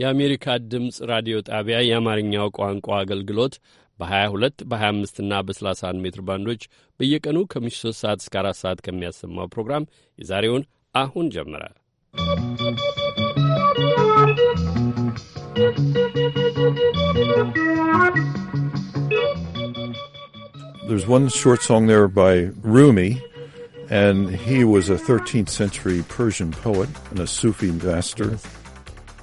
የአሜሪካ ድምፅ ራዲዮ ጣቢያ የአማርኛው ቋንቋ አገልግሎት በ22 በ25 እና በ31 ሜትር ባንዶች በየቀኑ ከምሽቱ 3 ሰዓት እስከ 4 ሰዓት ከሚያሰማው ፕሮግራም የዛሬውን አሁን ጀመረ። There's one short song there by Rumi, and he was a 13th century Persian poet and a Sufi master.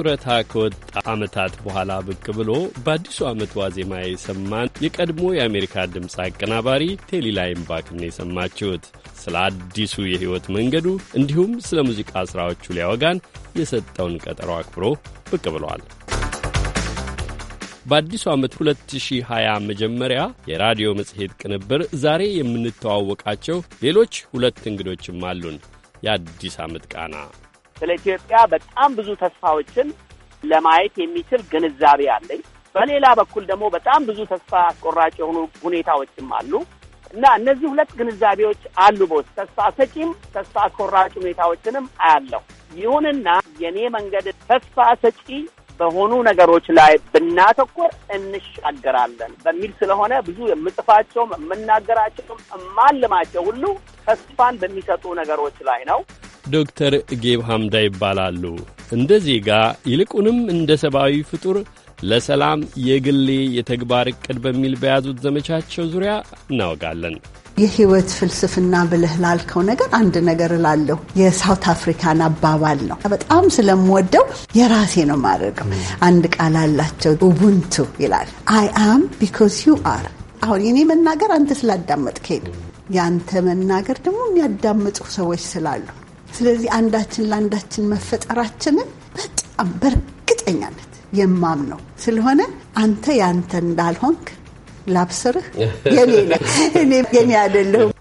ጡረታ ከወጣ ዓመታት በኋላ ብቅ ብሎ በአዲሱ ዓመት ዋዜማ የሰማን የቀድሞ የአሜሪካ ድምፅ አቀናባሪ ቴሊ ላይምባክን የሰማችሁት ስለ አዲሱ የሕይወት መንገዱ እንዲሁም ስለ ሙዚቃ ሥራዎቹ ሊያወጋን የሰጠውን ቀጠሮ አክብሮ ብቅ ብሏል። በአዲሱ ዓመት 2020 መጀመሪያ የራዲዮ መጽሔት ቅንብር ዛሬ የምንተዋወቃቸው ሌሎች ሁለት እንግዶችም አሉን። የአዲስ ዓመት ቃና ስለ ኢትዮጵያ በጣም ብዙ ተስፋዎችን ለማየት የሚችል ግንዛቤ አለኝ። በሌላ በኩል ደግሞ በጣም ብዙ ተስፋ አስቆራጭ የሆኑ ሁኔታዎችም አሉ እና እነዚህ ሁለት ግንዛቤዎች አሉ። በውስጥ ተስፋ ሰጪም ተስፋ አስቆራጭ ሁኔታዎችንም አያለሁ። ይሁንና የእኔ መንገድ ተስፋ ሰጪ በሆኑ ነገሮች ላይ ብናተኮር እንሻገራለን በሚል ስለሆነ ብዙ የምጽፋቸውም የምናገራቸውም የማልማቸው ሁሉ ተስፋን በሚሰጡ ነገሮች ላይ ነው። ዶክተር ጌብ ሐምዳ ይባላሉ። እንደ ዜጋ ይልቁንም እንደ ሰብአዊ ፍጡር ለሰላም የግሌ የተግባር ዕቅድ በሚል በያዙት ዘመቻቸው ዙሪያ እናወጋለን። የህይወት ፍልስፍና ብልህ ላልከው ነገር አንድ ነገር እላለሁ። የሳውት አፍሪካን አባባል ነው በጣም ስለምወደው የራሴ ነው ማድረገው። አንድ ቃል አላቸው ኡቡንቱ ይላል። አይ አም ቢኮዝ ዩ አር። አሁን የኔ መናገር አንተ ስላዳመጥከኝ ነው። የአንተ መናገር ደግሞ የሚያዳምጡ ሰዎች ስላሉ፣ ስለዚህ አንዳችን ለአንዳችን መፈጠራችንን በጣም በእርግጠኛነት የማምነው ስለሆነ አንተ ያንተ እንዳልሆንክ ላብስርህ የኔ እኔ የኔ አይደለሁም።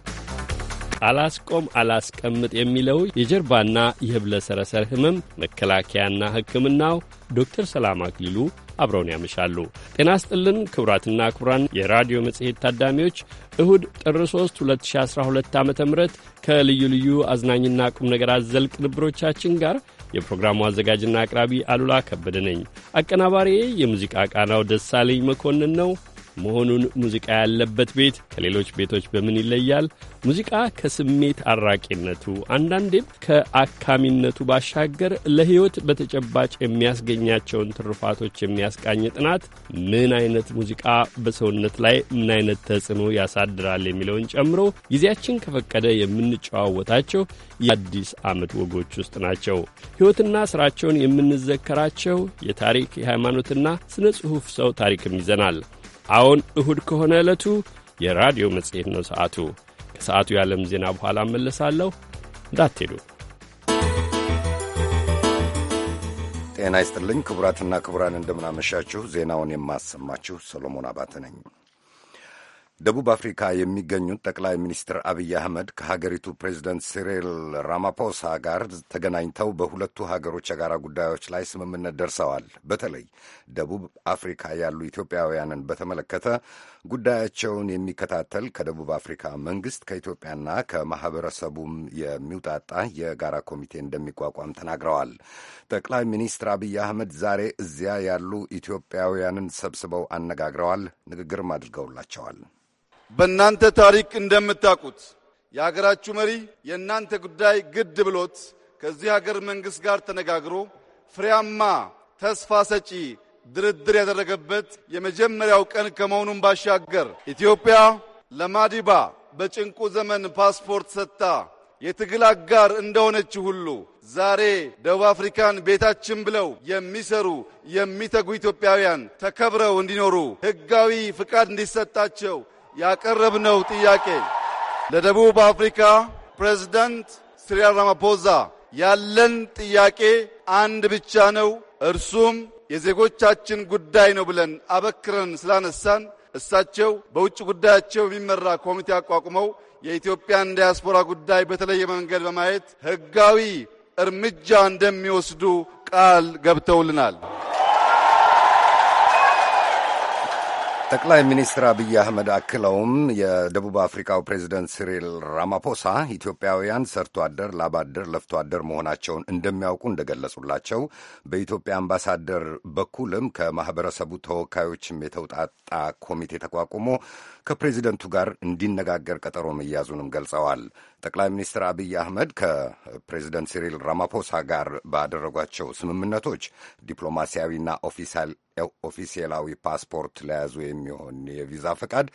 አላስቆም አላስቀምጥ የሚለው የጀርባና የህብለ ሰረሰር ህመም መከላከያና ሕክምናው ዶክተር ሰላም አክሊሉ አብረውን ያመሻሉ። ጤና ስጥልን ክቡራትና ክቡራን የራዲዮ መጽሔት ታዳሚዎች እሁድ ጥር 3 2012 ዓ ም ከልዩ ልዩ አዝናኝና ቁም ነገር አዘል ቅንብሮቻችን ጋር የፕሮግራሙ አዘጋጅና አቅራቢ አሉላ ከበደ ነኝ። አቀናባሪዬ የሙዚቃ ቃናው ደሳለኝ መኮንን ነው። መሆኑን ሙዚቃ ያለበት ቤት ከሌሎች ቤቶች በምን ይለያል? ሙዚቃ ከስሜት አራቂነቱ አንዳንዴም ከአካሚነቱ ባሻገር ለሕይወት በተጨባጭ የሚያስገኛቸውን ትሩፋቶች የሚያስቃኝ ጥናት ምን አይነት ሙዚቃ በሰውነት ላይ ምን አይነት ተጽዕኖ ያሳድራል የሚለውን ጨምሮ ጊዜያችን ከፈቀደ የምንጨዋወታቸው የአዲስ ዓመት ወጎች ውስጥ ናቸው። ሕይወትና ሥራቸውን የምንዘከራቸው የታሪክ የሃይማኖትና ስነ ጽሑፍ ሰው ታሪክም ይዘናል። አዎን እሁድ ከሆነ ዕለቱ የራዲዮ መጽሔት ነው ሰዓቱ። ከሰዓቱ የዓለም ዜና በኋላ እመለሳለሁ፣ እንዳትሄዱ። ጤና ይስጥልኝ ክቡራትና ክቡራን፣ እንደምናመሻችሁ። ዜናውን የማሰማችሁ ሰሎሞን አባተ ነኝ። ደቡብ አፍሪካ የሚገኙት ጠቅላይ ሚኒስትር አብይ አህመድ ከሀገሪቱ ፕሬዚደንት ሲሪል ራማፖሳ ጋር ተገናኝተው በሁለቱ ሀገሮች የጋራ ጉዳዮች ላይ ስምምነት ደርሰዋል። በተለይ ደቡብ አፍሪካ ያሉ ኢትዮጵያውያንን በተመለከተ ጉዳያቸውን የሚከታተል ከደቡብ አፍሪካ መንግስት ከኢትዮጵያና ከማህበረሰቡም የሚውጣጣ የጋራ ኮሚቴ እንደሚቋቋም ተናግረዋል። ጠቅላይ ሚኒስትር አብይ አህመድ ዛሬ እዚያ ያሉ ኢትዮጵያውያንን ሰብስበው አነጋግረዋል። ንግግርም አድርገውላቸዋል። በእናንተ ታሪክ እንደምታውቁት የሀገራችሁ መሪ የእናንተ ጉዳይ ግድ ብሎት ከዚህ ሀገር መንግስት ጋር ተነጋግሮ ፍሬያማ ተስፋ ሰጪ ድርድር ያደረገበት የመጀመሪያው ቀን ከመሆኑን ባሻገር ኢትዮጵያ ለማዲባ በጭንቁ ዘመን ፓስፖርት ሰጥታ የትግል አጋር እንደሆነች ሁሉ ዛሬ ደቡብ አፍሪካን ቤታችን ብለው የሚሰሩ የሚተጉ ኢትዮጵያውያን ተከብረው እንዲኖሩ ሕጋዊ ፍቃድ እንዲሰጣቸው ያቀረብነው ጥያቄ ለደቡብ አፍሪካ ፕሬዝዳንት ሲሪል ራማፖዛ ያለን ጥያቄ አንድ ብቻ ነው፣ እርሱም የዜጎቻችን ጉዳይ ነው ብለን አበክረን ስላነሳን እሳቸው በውጭ ጉዳያቸው የሚመራ ኮሚቴ አቋቁመው የኢትዮጵያን ዲያስፖራ ጉዳይ በተለየ መንገድ በማየት ሕጋዊ እርምጃ እንደሚወስዱ ቃል ገብተውልናል። ጠቅላይ ሚኒስትር አብይ አህመድ አክለውም የደቡብ አፍሪካው ፕሬዚደንት ሲሪል ራማፖሳ ኢትዮጵያውያን ሰርቶ አደር ላባደር ለፍቶ አደር መሆናቸውን እንደሚያውቁ እንደገለጹላቸው በኢትዮጵያ አምባሳደር በኩልም ከማኅበረሰቡ ተወካዮችም የተውጣጣ ኮሚቴ ተቋቁሞ ከፕሬዚደንቱ ጋር እንዲነጋገር ቀጠሮ መያዙንም ገልጸዋል። ጠቅላይ ሚኒስትር አብይ አህመድ ከፕሬዚደንት ሲሪል ራማፖሳ ጋር ባደረጓቸው ስምምነቶች ዲፕሎማሲያዊና ኦፊሴላዊ ፓስፖርት ለያዙ የሚሆን የቪዛ ፈቃድ፣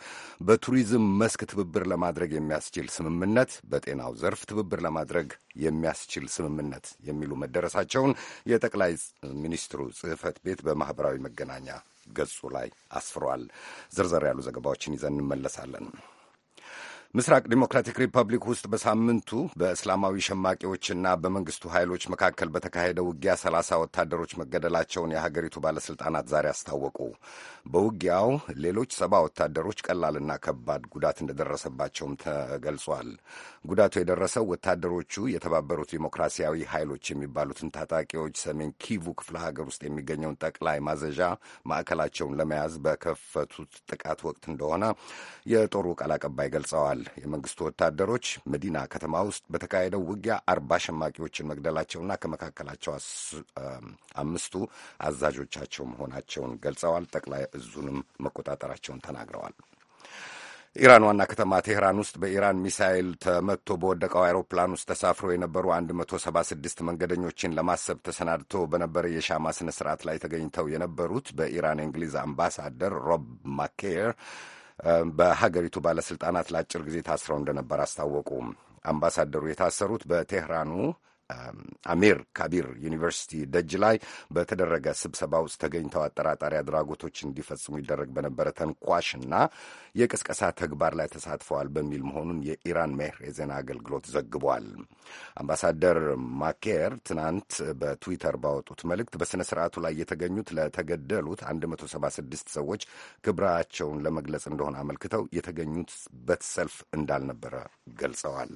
በቱሪዝም መስክ ትብብር ለማድረግ የሚያስችል ስምምነት፣ በጤናው ዘርፍ ትብብር ለማድረግ የሚያስችል ስምምነት የሚሉ መደረሳቸውን የጠቅላይ ሚኒስትሩ ጽህፈት ቤት በማኅበራዊ መገናኛ ገጹ ላይ አስፍሯል። ዝርዝር ያሉ ዘገባዎችን ይዘን እንመለሳለን። ምስራቅ ዲሞክራቲክ ሪፐብሊክ ውስጥ በሳምንቱ በእስላማዊ ሸማቂዎችና በመንግስቱ ኃይሎች መካከል በተካሄደ ውጊያ ሰላሳ ወታደሮች መገደላቸውን የሀገሪቱ ባለሥልጣናት ዛሬ አስታወቁ። በውጊያው ሌሎች ሰባ ወታደሮች ቀላልና ከባድ ጉዳት እንደደረሰባቸውም ተገልጿል። ጉዳቱ የደረሰው ወታደሮቹ የተባበሩት ዲሞክራሲያዊ ኃይሎች የሚባሉትን ታጣቂዎች ሰሜን ኪቩ ክፍለ ሀገር ውስጥ የሚገኘውን ጠቅላይ ማዘዣ ማዕከላቸውን ለመያዝ በከፈቱት ጥቃት ወቅት እንደሆነ የጦሩ ቃል አቀባይ ገልጸዋል። ተገልጿል። የመንግስቱ ወታደሮች መዲና ከተማ ውስጥ በተካሄደው ውጊያ አርባ ሸማቂዎችን መግደላቸውና ከመካከላቸው አምስቱ አዛዦቻቸው መሆናቸውን ገልጸዋል። ጠቅላይ እዙንም መቆጣጠራቸውን ተናግረዋል። ኢራን ዋና ከተማ ቴህራን ውስጥ በኢራን ሚሳይል ተመትቶ በወደቀው አውሮፕላን ውስጥ ተሳፍሮ የነበሩ 176 መንገደኞችን ለማሰብ ተሰናድቶ በነበረ የሻማ ስነ ስርዓት ላይ ተገኝተው የነበሩት በኢራን የእንግሊዝ አምባሳደር ሮብ ማኬር በሀገሪቱ ባለስልጣናት ለአጭር ጊዜ ታስረው እንደነበር አስታወቁ። አምባሳደሩ የታሰሩት በቴህራኑ አሚር ካቢር ዩኒቨርሲቲ ደጅ ላይ በተደረገ ስብሰባ ውስጥ ተገኝተው አጠራጣሪ አድራጎቶች እንዲፈጽሙ ይደረግ በነበረ ተንኳሽና የቅስቀሳ ተግባር ላይ ተሳትፈዋል በሚል መሆኑን የኢራን ሜህር የዜና አገልግሎት ዘግቧል። አምባሳደር ማኬር ትናንት በትዊተር ባወጡት መልእክት በሥነ ሥርዓቱ ላይ የተገኙት ለተገደሉት 176 ሰዎች ክብራቸውን ለመግለጽ እንደሆነ አመልክተው የተገኙበት ሰልፍ እንዳልነበረ ገልጸዋል።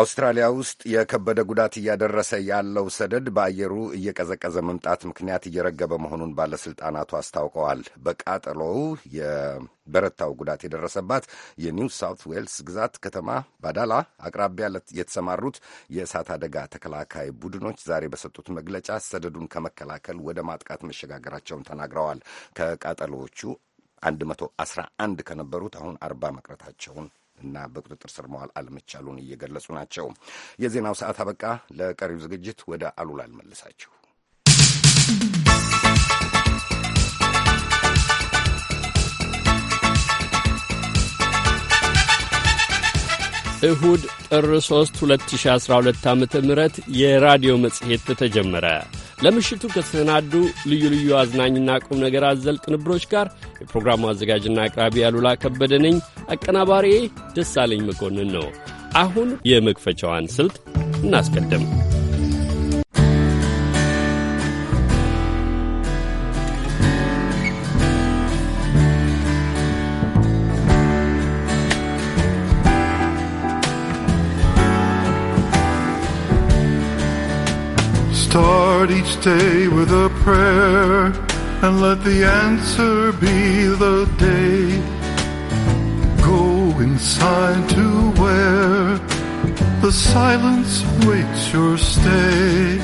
አውስትራሊያ ውስጥ የከበደ ጉዳት እያደረሰ ያለው ሰደድ በአየሩ እየቀዘቀዘ መምጣት ምክንያት እየረገበ መሆኑን ባለሥልጣናቱ አስታውቀዋል። በቃጠሎው የበረታው ጉዳት የደረሰባት የኒው ሳውት ዌልስ ግዛት ከተማ ባዳላ አቅራቢያ የተሰማሩት የእሳት አደጋ ተከላካይ ቡድኖች ዛሬ በሰጡት መግለጫ ሰደዱን ከመከላከል ወደ ማጥቃት መሸጋገራቸውን ተናግረዋል። ከቃጠሎዎቹ 111 ከነበሩት አሁን አርባ መቅረታቸውን እና በቁጥጥር ስር መዋል አለመቻሉን እየገለጹ ናቸው። የዜናው ሰዓት አበቃ። ለቀሪው ዝግጅት ወደ አሉላ አልመልሳችሁ። እሁድ ጥር 3 2012 ዓ ም የራዲዮ መጽሔት ተጀመረ። ለምሽቱ ከተሰናዱ ልዩ ልዩ አዝናኝና ቁም ነገር አዘል ቅንብሮች ጋር የፕሮግራሙ አዘጋጅና አቅራቢ አሉላ ከበደ ነኝ። አቀናባሪ ደሳለኝ መኮንን ነው። አሁን የመክፈቻዋን ስልት እናስቀድም። Start each day with a prayer and let the answer be the day. Go inside to where the silence waits your stay.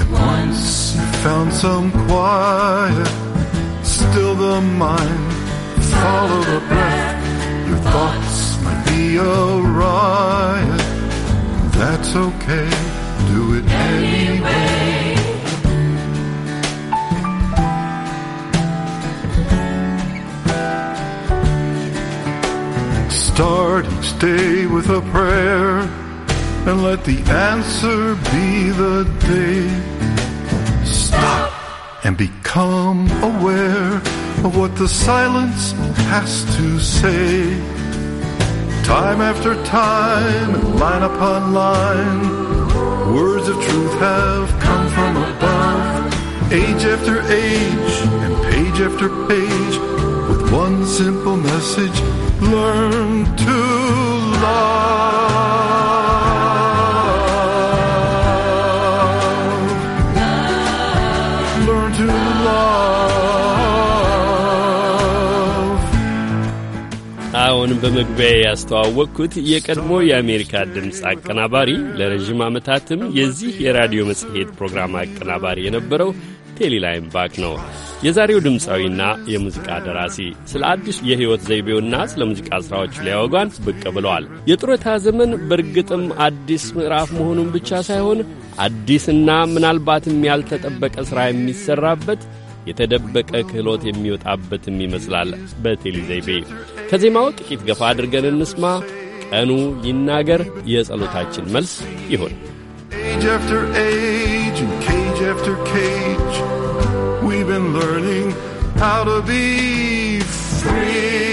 And once you found some quiet, still the mind, follow the breath. Your thoughts might be a riot. That's okay do it anyway. Start each day with a prayer and let the answer be the day. Stop and become aware of what the silence has to say. Time after time, line upon line Words of truth have come from above, age after age and page after page, with one simple message learn to love. በመግቢያ ያስተዋወቅኩት የቀድሞ የአሜሪካ ድምፅ አቀናባሪ ለረዥም ዓመታትም የዚህ የራዲዮ መጽሔት ፕሮግራም አቀናባሪ የነበረው ቴሊ ባክ ነው። የዛሬው ድምፃዊና የሙዚቃ ደራሲ ስለ አዲስ የሕይወት ዘይቤውና ስለ ሙዚቃ ሥራዎቹ ሊያወጓን ብቅ ብለዋል። የጡረታ ዘመን በእርግጥም አዲስ ምዕራፍ መሆኑን ብቻ ሳይሆን አዲስና ምናልባትም ያልተጠበቀ ሥራ የሚሠራበት የተደበቀ ክህሎት የሚወጣበትም ይመስላል በቴሊ ዘይቤ ከዜማው ጥቂት ገፋ አድርገን እንስማ። ቀኑ ይናገር የጸሎታችን መልስ ይሁን። Age after age and cage after cage, we've been learning how to be free.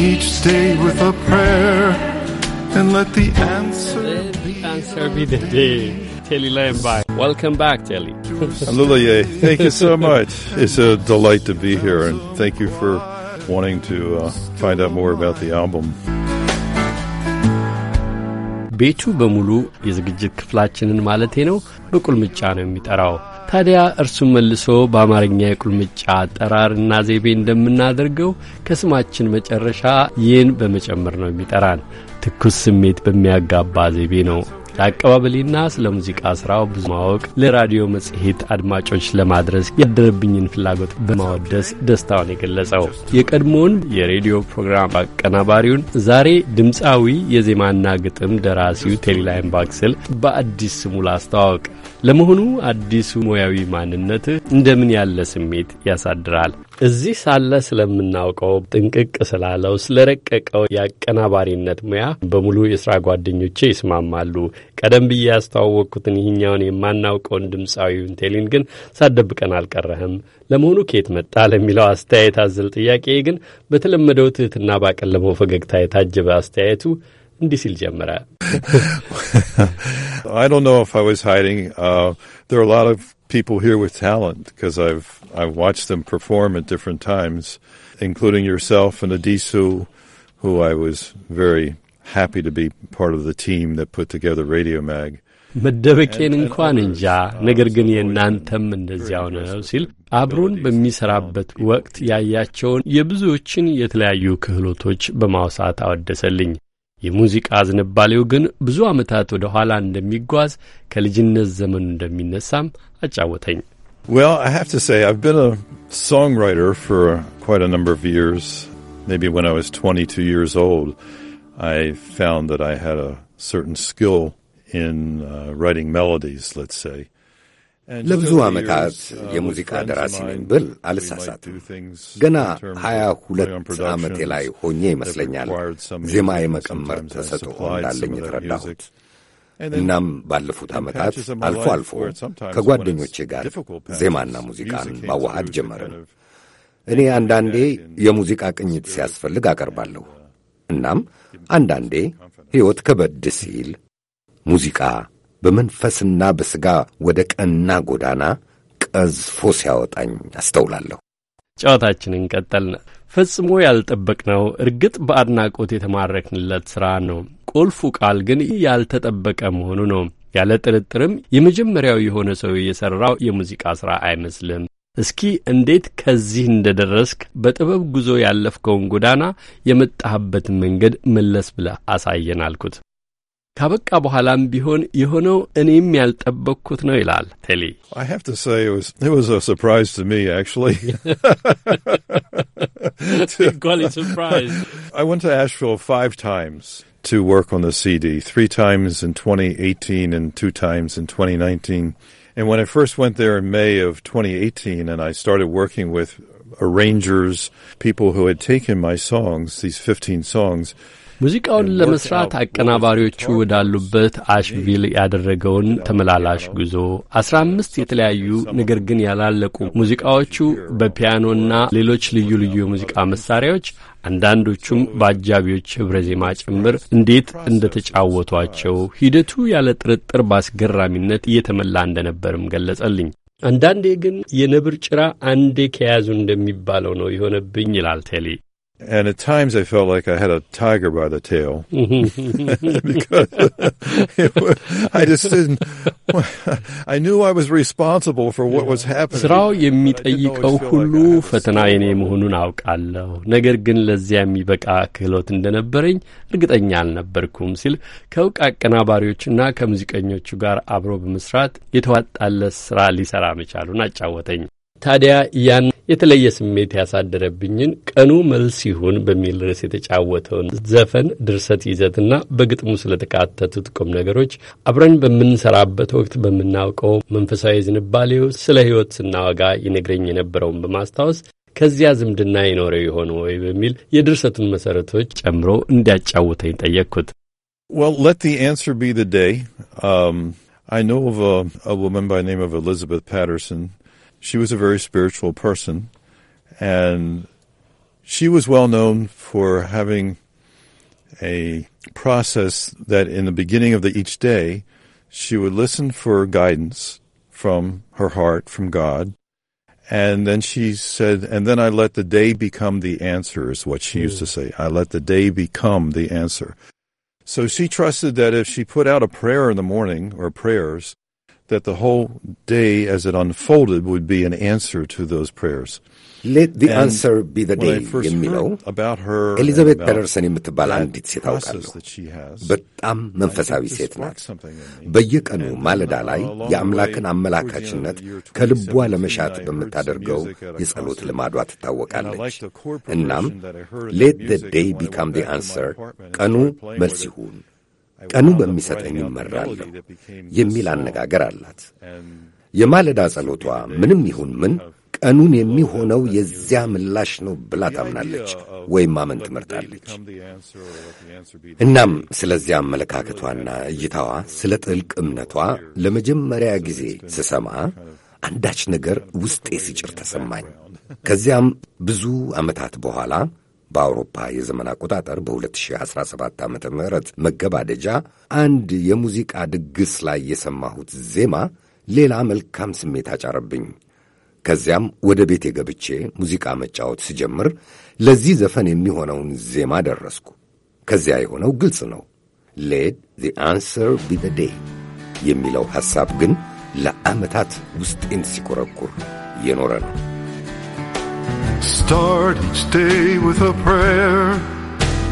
each day with a prayer and let the answer, let be, answer be the day. Telly Lambai. Welcome back, Telly. Hallelujah. Thank you so much. It's a delight to be here, and thank you for wanting to uh, find out more about the album. ቤቱ በሙሉ የዝግጅት ክፍላችንን ማለቴ ነው በቁልምጫ ነው የሚጠራው። ታዲያ እርሱ መልሶ በአማርኛ የቁልምጫ አጠራርና ዘይቤ እንደምናደርገው ከስማችን መጨረሻ ይህን በመጨመር ነው የሚጠራን። ትኩስ ስሜት በሚያጋባ ዘይቤ ነው ለአቀባበሌና ስለ ሙዚቃ ስራው ብዙ ማወቅ ለራዲዮ መጽሔት አድማጮች ለማድረስ ያደረብኝን ፍላጎት በማወደስ ደስታውን የገለጸው የቀድሞውን የሬዲዮ ፕሮግራም አቀናባሪውን ዛሬ ድምፃዊ የዜማና ግጥም ደራሲው ቴሌላይም ባክስል በአዲስ ስሙ ላስተዋወቅ። ለመሆኑ አዲሱ ሙያዊ ማንነት እንደምን ያለ ስሜት ያሳድራል? እዚህ ሳለ ስለምናውቀው ጥንቅቅ ስላለው ስለ ረቀቀው የአቀናባሪነት ሙያ በሙሉ የስራ ጓደኞቼ ይስማማሉ። ቀደም ብዬ ያስተዋወቅኩትን ይህኛውን የማናውቀውን ድምፃዊውን ቴሊን ግን ሳደብቀን አልቀረህም። ለመሆኑ ከየት መጣ ለሚለው አስተያየት አዘል ጥያቄ ግን በተለመደው ትህትና ባቀለመው ፈገግታ የታጀበ አስተያየቱ እንዲህ ሲል ጀመረ። I don't know if I was hiding. Uh, there are a lot of people here with talent because I've I've watched them perform at different times, including yourself and Adisu, who I was very happy to be part of the team that put together Radio Mag. መደበቄን እንኳን እንጃ፣ uh, ነገር ግን የእናንተም እንደዚያው ነው ሲል አብሮን በሚሰራበት ወቅት ያያቸውን የብዙዎችን የተለያዩ ክህሎቶች በማውሳት አወደሰልኝ። የሙዚቃ ዝንባሌው ግን ብዙ ዓመታት ወደ ኋላ እንደሚጓዝ ከልጅነት ዘመኑ እንደሚነሳም አጫወተኝ። Well, I have to say, I've been a songwriter for quite a number of years. Maybe when I was 22 years old, I found that I had a certain skill in uh, writing melodies, let's say. ለብዙ ዓመታት የሙዚቃ ደራሲ ነኝ ብል አልሳሳትም። ገና ሀያ ሁለት ዓመቴ ላይ ሆኜ ይመስለኛል ዜማ የመቀመር ተሰጥኦ እንዳለኝ የተረዳሁት። እናም ባለፉት ዓመታት አልፎ አልፎ ከጓደኞቼ ጋር ዜማና ሙዚቃን ማዋሃድ ጀመርን። እኔ አንዳንዴ የሙዚቃ ቅኝት ሲያስፈልግ አቀርባለሁ። እናም አንዳንዴ ሕይወት ከበድ ሲል ሙዚቃ በመንፈስና በሥጋ ወደ ቀና ጎዳና ቀዝፎ ሲያወጣኝ አስተውላለሁ። ጨዋታችንን ቀጠልን። ፈጽሞ ያልጠበቅነው እርግጥ በአድናቆት የተማረክንለት ሥራ ነው። ቁልፉ ቃል ግን ያልተጠበቀ መሆኑ ነው። ያለ ጥርጥርም የመጀመሪያው የሆነ ሰው የሠራው የሙዚቃ ሥራ አይመስልም። እስኪ እንዴት ከዚህ እንደደረስክ በጥበብ ጉዞ ያለፍከውን ጎዳና የመጣህበትን መንገድ መለስ ብለህ አሳየን አልኩት። ካበቃ በኋላም ቢሆን የሆነው እኔም ያልጠበቅኩት ነው ይላል ቴሊ። to work on the CD, three times in 2018 and two times in 2019. And when I first went there in May of 2018 and I started working with arrangers, people who had taken my songs, these 15 songs, ሙዚቃውን ለመስራት አቀናባሪዎቹ ወዳሉበት አሽቪል ያደረገውን ተመላላሽ ጉዞ አስራ አምስት የተለያዩ ነገር ግን ያላለቁ ሙዚቃዎቹ በፒያኖና ሌሎች ልዩ ልዩ የሙዚቃ መሳሪያዎች አንዳንዶቹም በአጃቢዎች ኅብረ ዜማ ጭምር እንዴት እንደተጫወቷቸው ሂደቱ ያለ ጥርጥር በአስገራሚነት እየተመላ እንደነበርም ገለጸልኝ። አንዳንዴ ግን የነብር ጭራ አንዴ ከያዙ እንደሚባለው ነው የሆነብኝ ይላል ቴሌ። And at times I felt like I had a tiger by the tail mm-hmm. because I just didn't. I knew I was responsible for what was happening. ስራው የሚጠይቀው ሁሉ ፈተና የኔ መሆኑን አውቃለሁ፣ ነገር ግን ለዚያ የሚበቃ ክህሎት እንደነበረኝ እርግጠኛ አልነበርኩም ሲል ከእውቅ አቀናባሪዎችና ከሙዚቀኞቹ ጋር አብሮ በመስራት የተዋጣለት ስራ ሊሰራ መቻሉን አጫወተኝ። ታዲያ ያን የተለየ ስሜት ያሳደረብኝን ቀኑ መልስ ይሁን በሚል ርዕስ የተጫወተውን ዘፈን ድርሰት ይዘትና በግጥሙ ስለተካተቱት ቁም ነገሮች አብረን በምንሰራበት ወቅት በምናውቀው መንፈሳዊ ዝንባሌው ስለ ሕይወት ስናወጋ ይነግረኝ የነበረውን በማስታወስ ከዚያ ዝምድና ይኖረው ይሆን ወይ በሚል የድርሰቱን መሠረቶች ጨምሮ እንዲያጫውተኝ ጠየቅኩት። Well, let the answer be the day. Um, I know of a, a woman by the name of Elizabeth Patterson she was a very spiritual person, and she was well known for having a process that in the beginning of the, each day, she would listen for guidance from her heart, from God. And then she said, and then I let the day become the answer, is what she mm. used to mm. say. I let the day become the answer. So she trusted that if she put out a prayer in the morning or prayers, that the whole day as it unfolded would be an answer to those prayers. Let the and answer be the day የሚለው ኤሊዛቤት ፐደርሰን የምትባል አንዲት ሴት አውቃለሁ። በጣም መንፈሳዊ ሴት ናት። በየቀኑ ማለዳ uh, ላይ የአምላክን አመላካችነት ከልቧ ለመሻት በምታደርገው የጸሎት ልማዷ ትታወቃለች። እናም ሌት ደ ዴይ ቢካም ዲ አንሰር ቀኑ መልስ ይሁን ቀኑ በሚሰጠኝ ይመራለሁ የሚል አነጋገር አላት። የማለዳ ጸሎቷ ምንም ይሁን ምን ቀኑን የሚሆነው የዚያ ምላሽ ነው ብላ ታምናለች ወይም ማመን ትመርጣለች። እናም ስለዚያ አመለካከቷና እይታዋ፣ ስለ ጥልቅ እምነቷ ለመጀመሪያ ጊዜ ስሰማ አንዳች ነገር ውስጤ ሲጭር ተሰማኝ። ከዚያም ብዙ ዓመታት በኋላ በአውሮፓ የዘመን አቆጣጠር በ2017 ዓ ም መገባደጃ አንድ የሙዚቃ ድግስ ላይ የሰማሁት ዜማ ሌላ መልካም ስሜት አጫረብኝ። ከዚያም ወደ ቤቴ ገብቼ ሙዚቃ መጫወት ስጀምር ለዚህ ዘፈን የሚሆነውን ዜማ ደረስኩ። ከዚያ የሆነው ግልጽ ነው። ሌድ ዘ አንሰር ቢ ዘ ዴይ የሚለው ሐሳብ ግን ለዓመታት ውስጤን ሲቆረቁር የኖረ ነው። Start each day with a prayer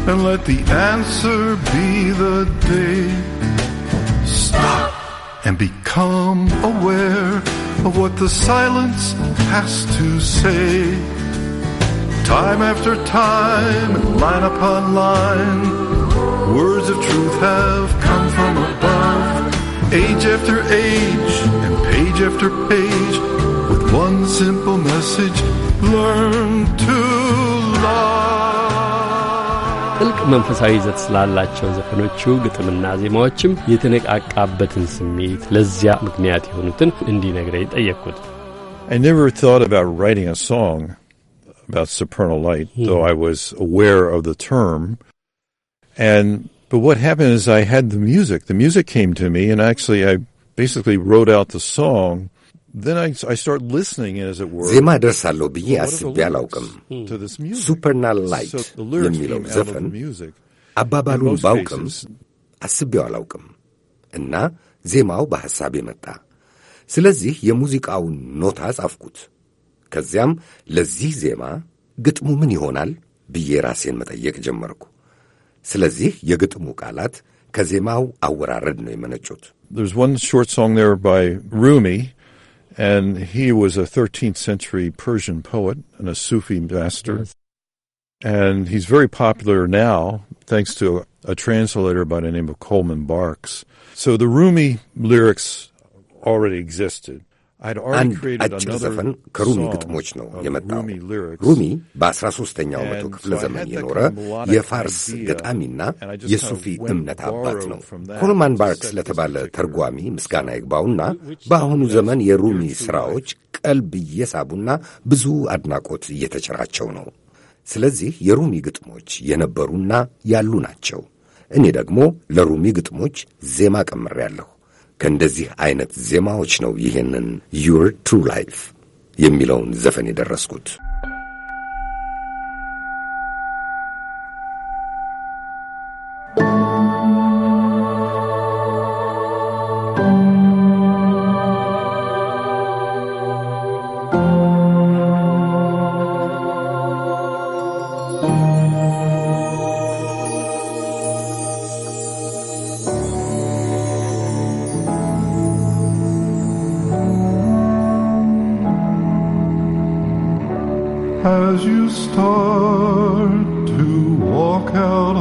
and let the answer be the day. Stop and become aware of what the silence has to say. Time after time and line upon line, words of truth have come from above. Age after age and page after page, one simple message learn to love. ጥልቅ መንፈሳዊ ይዘት ስላላቸው ዘፈኖቹ ግጥምና ዜማዎችም የተነቃቃበትን ስሜት ለዚያ ምክንያት የሆኑትን እንዲነግረኝ ጠየቅኩት። I never thought about writing a song about supernal light, hmm. though I was aware of the term. And but what happened is I had the music. The music came to me, and actually I basically wrote out the song ዜማ ደርሳለሁ ብዬ አስቤ አላውቅም። ሱፐርናል ላይት የሚለው ዘፈን አባባሉን ባውቅም አስቤው አላውቅም እና ዜማው በሐሳብ የመጣ ስለዚህ የሙዚቃውን ኖታ ጻፍኩት። ከዚያም ለዚህ ዜማ ግጥሙ ምን ይሆናል ብዬ ራሴን መጠየቅ ጀመርኩ። ስለዚህ የግጥሙ ቃላት ከዜማው አወራረድ ነው የመነጩት። And he was a 13th century Persian poet and a Sufi master. Yes. And he's very popular now, thanks to a translator by the name of Coleman Barks. So the Rumi lyrics already existed. አንድ አጭር ዘፈን ከሩሚ ግጥሞች ነው የመጣው። ሩሚ በአስራ ሦስተኛው መቶ ክፍለ ዘመን የኖረ የፋርስ ገጣሚና የሱፊ እምነት አባት ነው። ኮልማን ባርክስ ለተባለ ተርጓሚ ምስጋና ይግባውና በአሁኑ ዘመን የሩሚ ሥራዎች ቀልብ እየሳቡና ብዙ አድናቆት እየተቸራቸው ነው። ስለዚህ የሩሚ ግጥሞች የነበሩና ያሉ ናቸው። እኔ ደግሞ ለሩሚ ግጥሞች ዜማ ቀምሬያለሁ። ከእንደዚህ አይነት ዜማዎች ነው ይህንን ዩር ትሩ ላይፍ የሚለውን ዘፈን የደረስኩት። as you start to walk out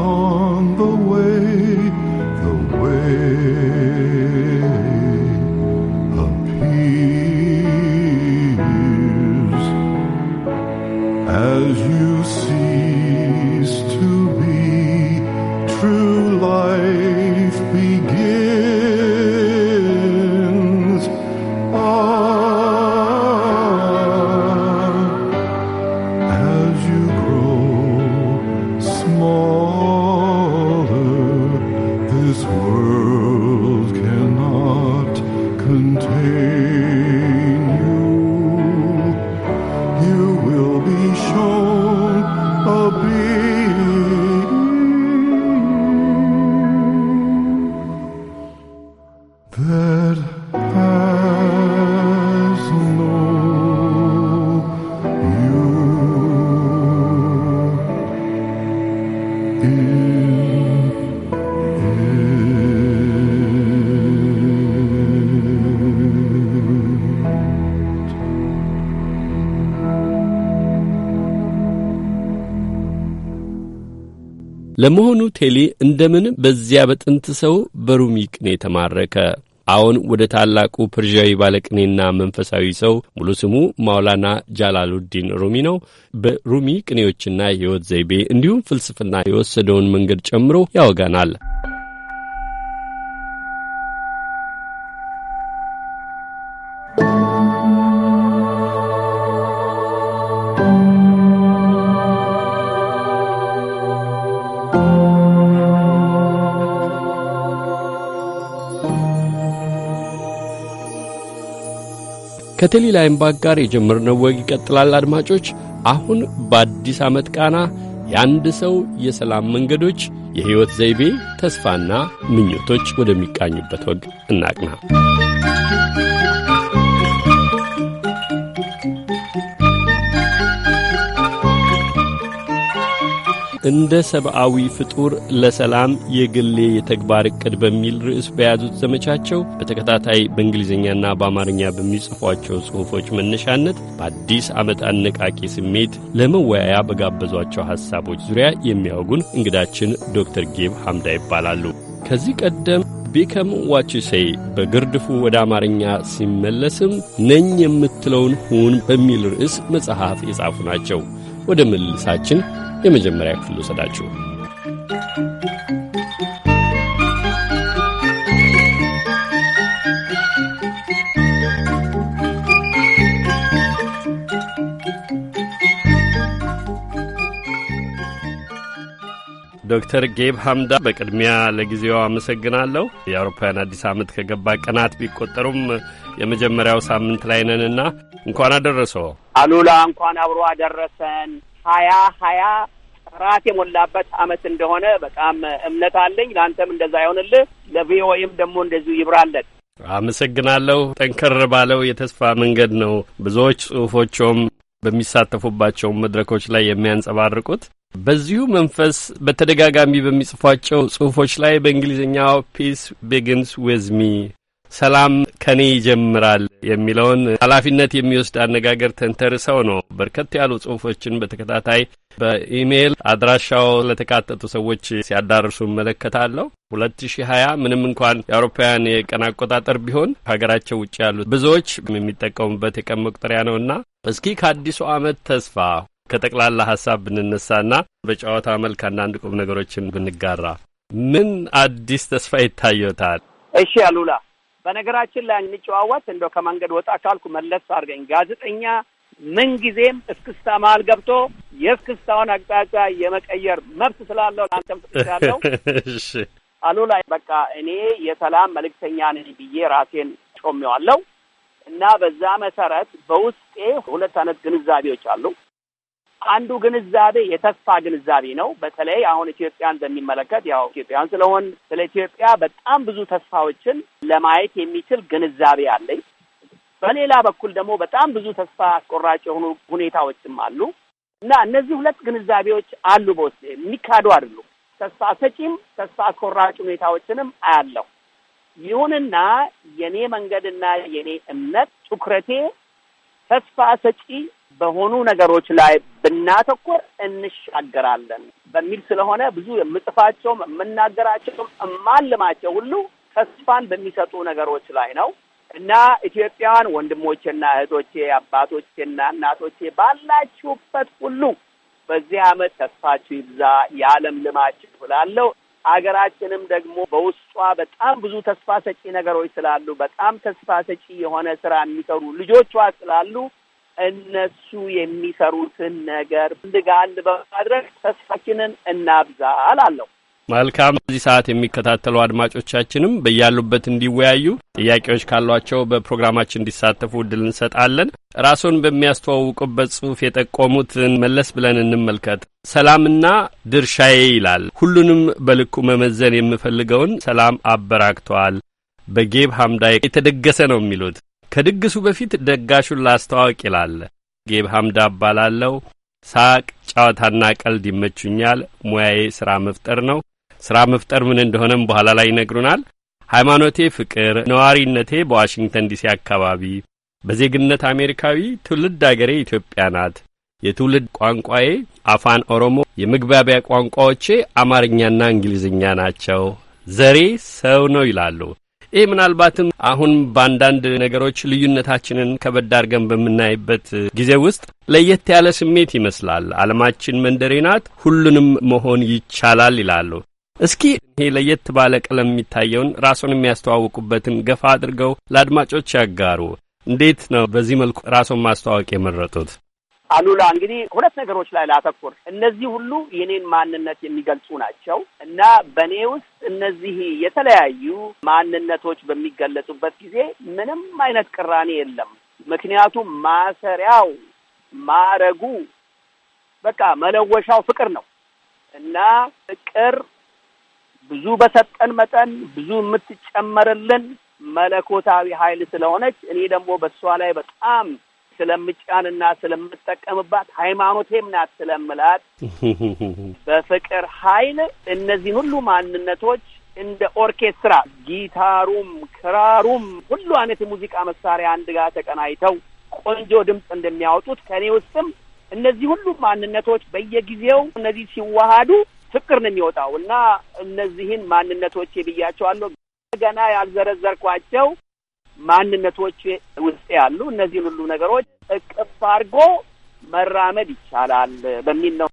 ለመሆኑ ቴሌ እንደምን በዚያ በጥንት ሰው በሩሚ ቅኔ ተማረከ? አሁን ወደ ታላቁ ፐርዣዊ ባለቅኔና መንፈሳዊ ሰው ሙሉ ስሙ ማውላና ጃላሉዲን ሩሚ ነው። በሩሚ ቅኔዎችና የሕይወት ዘይቤ እንዲሁም ፍልስፍና የወሰደውን መንገድ ጨምሮ ያወጋናል። ከቴሊ ላይምባክ ጋር የጀመርነው ወግ ይቀጥላል። አድማጮች፣ አሁን በአዲስ ዓመት ቃና የአንድ ሰው የሰላም መንገዶች፣ የሕይወት ዘይቤ፣ ተስፋና ምኞቶች ወደሚቃኙበት ወግ እናቅና። እንደ ሰብአዊ ፍጡር ለሰላም የግሌ የተግባር ዕቅድ በሚል ርዕስ በያዙት ዘመቻቸው በተከታታይ በእንግሊዝኛና በአማርኛ በሚጽፏቸው ጽሑፎች መነሻነት በአዲስ ዓመት አነቃቂ ስሜት ለመወያያ በጋበዟቸው ሐሳቦች ዙሪያ የሚያወጉን እንግዳችን ዶክተር ጌብ ሐምዳ ይባላሉ። ከዚህ ቀደም ቢከም ዋችሴይ በግርድፉ ወደ አማርኛ ሲመለስም ነኝ የምትለውን ሁን በሚል ርዕስ መጽሐፍ የጻፉ ናቸው። ወደ ምልልሳችን የመጀመሪያ ክፍል ውሰዳችሁ። ዶክተር ጌብ ሀምዳ በቅድሚያ ለጊዜው አመሰግናለሁ። የአውሮፓውያን አዲስ ዓመት ከገባ ቀናት ቢቆጠሩም የመጀመሪያው ሳምንት ላይ ነንና እንኳን አደረሰው። አሉላ እንኳን አብሮ አደረሰን። ሀያ ሀያ ጥራት የሞላበት አመት እንደሆነ በጣም እምነት አለኝ። ለአንተም እንደዛ ይሆንልህ፣ ለቪኦኤም ደግሞ እንደዚሁ ይብራለን። አመሰግናለሁ። ጠንከር ባለው የተስፋ መንገድ ነው ብዙዎች ጽሁፎችም በሚሳተፉባቸው መድረኮች ላይ የሚያንጸባርቁት። በዚሁ መንፈስ በተደጋጋሚ በሚጽፏቸው ጽሁፎች ላይ በእንግሊዝኛው ፒስ ቢግንስ ዊዝ ሚ ሰላም ከኔ ይጀምራል የሚለውን ኃላፊነት የሚወስድ አነጋገር ተንተርሰው ነው በርከት ያሉ ጽሁፎችን በተከታታይ በኢሜይል አድራሻው ለተካተቱ ሰዎች ሲያዳርሱ እመለከታለሁ። ሁለት ሺ ሀያ ምንም እንኳን የአውሮፓውያን የቀን አቆጣጠር ቢሆን ከሀገራቸው ውጭ ያሉት ብዙዎች የሚጠቀሙበት የቀን መቁጠሪያ ነውና እስኪ ከአዲሱ ዓመት ተስፋ ከጠቅላላ ሀሳብ ብንነሳና በጨዋታ መልክ አንዳንድ ቁም ነገሮችን ብንጋራ ምን አዲስ ተስፋ ይታየታል? እሺ አሉላ በነገራችን ላይ እንጨዋወት እንደው ከመንገድ ወጣ ካልኩ መለስ አድርገኝ። ጋዜጠኛ ምንጊዜም እስክስታ መሀል ገብቶ የእስክስታውን አቅጣጫ የመቀየር መብት ስላለው ለአንተም ስላለው ላይ በቃ እኔ የሰላም መልእክተኛ ነኝ ብዬ ራሴን ጮሜዋለሁ እና በዛ መሰረት በውስጤ ሁለት አይነት ግንዛቤዎች አሉ። አንዱ ግንዛቤ የተስፋ ግንዛቤ ነው። በተለይ አሁን ኢትዮጵያን በሚመለከት ያው ኢትዮጵያን ስለሆን ስለ ኢትዮጵያ በጣም ብዙ ተስፋዎችን ለማየት የሚችል ግንዛቤ አለኝ። በሌላ በኩል ደግሞ በጣም ብዙ ተስፋ አስቆራጭ የሆኑ ሁኔታዎችም አሉ እና እነዚህ ሁለት ግንዛቤዎች አሉ በውስጥ የሚካዱ አይደሉ። ተስፋ ሰጪም ተስፋ አስቆራጭ ሁኔታዎችንም አያለሁ። ይሁንና የኔ መንገድና የኔ እምነት ትኩረቴ ተስፋ ሰጪ በሆኑ ነገሮች ላይ ብናተኮር እንሻገራለን በሚል ስለሆነ ብዙ የምጽፋቸውም የምናገራቸውም እማልማቸው ሁሉ ተስፋን በሚሰጡ ነገሮች ላይ ነው እና ኢትዮጵያውያን ወንድሞቼና እህቶቼ፣ አባቶቼና እናቶቼ ባላችሁበት ሁሉ በዚህ ዓመት ተስፋችሁ ይብዛ፣ የዓለም ልማችሁ ብላለው። አገራችንም ደግሞ በውስጧ በጣም ብዙ ተስፋ ሰጪ ነገሮች ስላሉ በጣም ተስፋ ሰጪ የሆነ ስራ የሚሰሩ ልጆቿ ስላሉ እነሱ የሚሰሩትን ነገር ድጋል በማድረግ ተስፋችንን እናብዛ አላለሁ። መልካም። በዚህ ሰዓት የሚከታተሉ አድማጮቻችንም በያሉበት እንዲወያዩ ጥያቄዎች ካሏቸው በፕሮግራማችን እንዲሳተፉ እድል እንሰጣለን። ራስዎን በሚያስተዋውቁበት ጽሁፍ የጠቆሙትን መለስ ብለን እንመልከት። ሰላምና ድርሻዬ ይላል። ሁሉንም በልኩ መመዘን የምፈልገውን ሰላም አበራክተዋል። በጌብ ሀምዳይ የተደገሰ ነው የሚሉት ከድግሱ በፊት ደጋሹን ላስተዋወቅ ይላል ጌብ ሀምዳ እባላለሁ። ሳቅ ጨዋታና ቀልድ ይመቹኛል። ሙያዬ ስራ መፍጠር ነው። ስራ መፍጠር ምን እንደሆነም በኋላ ላይ ይነግሩናል። ሃይማኖቴ ፍቅር፣ ነዋሪነቴ በዋሽንግተን ዲሲ አካባቢ፣ በዜግነት አሜሪካዊ፣ ትውልድ አገሬ ኢትዮጵያ ናት። የትውልድ ቋንቋዬ አፋን ኦሮሞ፣ የመግባቢያ ቋንቋዎቼ አማርኛና እንግሊዝኛ ናቸው። ዘሬ ሰው ነው ይላሉ። ይህ ምናልባትም አሁን በአንዳንድ ነገሮች ልዩነታችንን ከበድ አድርገን በምናይበት ጊዜ ውስጥ ለየት ያለ ስሜት ይመስላል። ዓለማችን መንደሬ ናት፣ ሁሉንም መሆን ይቻላል ይላሉ። እስኪ ይሄ ለየት ባለ ቀለም የሚታየውን ራስዎን የሚያስተዋውቁበትን ገፋ አድርገው ለአድማጮች ያጋሩ። እንዴት ነው በዚህ መልኩ ራስዎን ማስተዋወቅ የመረጡት? አሉላ እንግዲህ ሁለት ነገሮች ላይ ላተኩር። እነዚህ ሁሉ የኔን ማንነት የሚገልጹ ናቸው እና በእኔ ውስጥ እነዚህ የተለያዩ ማንነቶች በሚገለጹበት ጊዜ ምንም አይነት ቅራኔ የለም። ምክንያቱም ማሰሪያው ማረጉ በቃ መለወሻው ፍቅር ነው እና ፍቅር ብዙ በሰጠን መጠን ብዙ የምትጨመርልን መለኮታዊ ኃይል ስለሆነች እኔ ደግሞ በእሷ ላይ በጣም ስለምጫንና ስለምጠቀምባት ሃይማኖቴም ናት ስለምላት በፍቅር ኃይል እነዚህን ሁሉ ማንነቶች እንደ ኦርኬስትራ ጊታሩም፣ ክራሩም ሁሉ አይነት የሙዚቃ መሳሪያ አንድ ጋር ተቀናይተው ቆንጆ ድምፅ እንደሚያወጡት ከእኔ ውስጥም እነዚህ ሁሉ ማንነቶች በየጊዜው እነዚህ ሲዋሃዱ ፍቅር ነው የሚወጣው እና እነዚህን ማንነቶች ብያቸዋለሁ። ገና ያልዘረዘርኳቸው ማንነቶች ውስጥ ያሉ እነዚህን ሁሉ ነገሮች እቅፍ አድርጎ መራመድ ይቻላል በሚል ነው።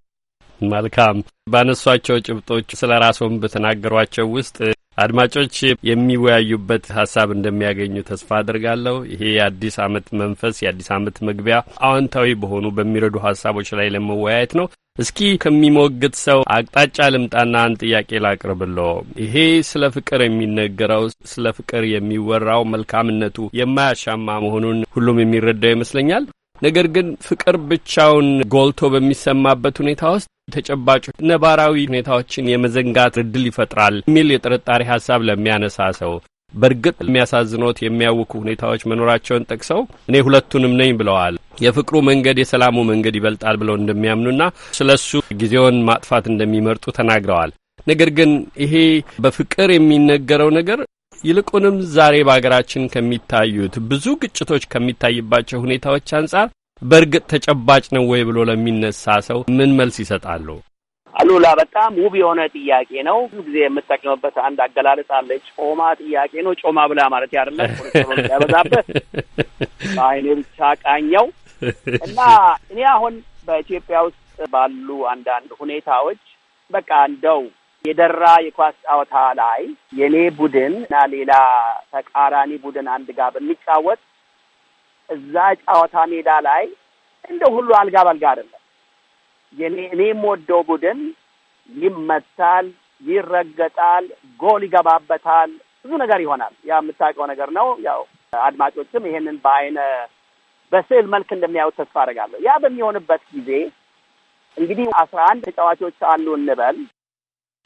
መልካም ባነሷቸው ጭብጦች ስለ ራስዎም በተናገሯቸው ውስጥ አድማጮች የሚወያዩበት ሀሳብ እንደሚያገኙ ተስፋ አድርጋለሁ። ይሄ የአዲስ አመት መንፈስ የአዲስ ዓመት መግቢያ አዎንታዊ በሆኑ በሚረዱ ሀሳቦች ላይ ለመወያየት ነው። እስኪ ከሚሞግት ሰው አቅጣጫ ልምጣና አንድ ጥያቄ ላቅርብለው። ይሄ ስለ ፍቅር የሚነገረው ስለ ፍቅር የሚወራው መልካምነቱ የማያሻማ መሆኑን ሁሉም የሚረዳው ይመስለኛል። ነገር ግን ፍቅር ብቻውን ጎልቶ በሚሰማበት ሁኔታ ውስጥ ተጨባጭ ነባራዊ ሁኔታዎችን የመዘንጋት እድል ይፈጥራል የሚል የጥርጣሬ ሀሳብ ለሚያነሳ ሰው በእርግጥ የሚያሳዝኖት የሚያውኩ ሁኔታዎች መኖራቸውን ጠቅሰው እኔ ሁለቱንም ነኝ ብለዋል። የፍቅሩ መንገድ የሰላሙ መንገድ ይበልጣል ብለው እንደሚያምኑና ስለ እሱ ጊዜውን ማጥፋት እንደሚመርጡ ተናግረዋል። ነገር ግን ይሄ በፍቅር የሚነገረው ነገር ይልቁንም ዛሬ በሀገራችን ከሚታዩት ብዙ ግጭቶች ከሚታይባቸው ሁኔታዎች አንጻር በእርግጥ ተጨባጭ ነው ወይ ብሎ ለሚነሳ ሰው ምን መልስ ይሰጣሉ? አሉላ፣ በጣም ውብ የሆነ ጥያቄ ነው። ብዙ ጊዜ የምጠቀምበት አንድ አገላለጽ አለ። ጮማ ጥያቄ ነው። ጮማ ብላ ማለት ያደለም ያበዛበት በአይኔ ብቻ ቃኘው እና እኔ አሁን በኢትዮጵያ ውስጥ ባሉ አንዳንድ ሁኔታዎች በቃ እንደው የደራ የኳስ ጨዋታ ላይ የኔ ቡድን እና ሌላ ተቃራኒ ቡድን አንድ ጋር በሚጫወት እዛ ጨዋታ ሜዳ ላይ እንደ ሁሉ አልጋ በአልጋ አይደለም። የኔ እኔ የምወደው ቡድን ይመታል፣ ይረገጣል፣ ጎል ይገባበታል፣ ብዙ ነገር ይሆናል። ያ የምታውቀው ነገር ነው። ያው አድማጮችም ይሄንን በአይነ በስዕል መልክ እንደሚያዩት ተስፋ አደርጋለሁ። ያ በሚሆንበት ጊዜ እንግዲህ አስራ አንድ ተጫዋቾች አሉ እንበል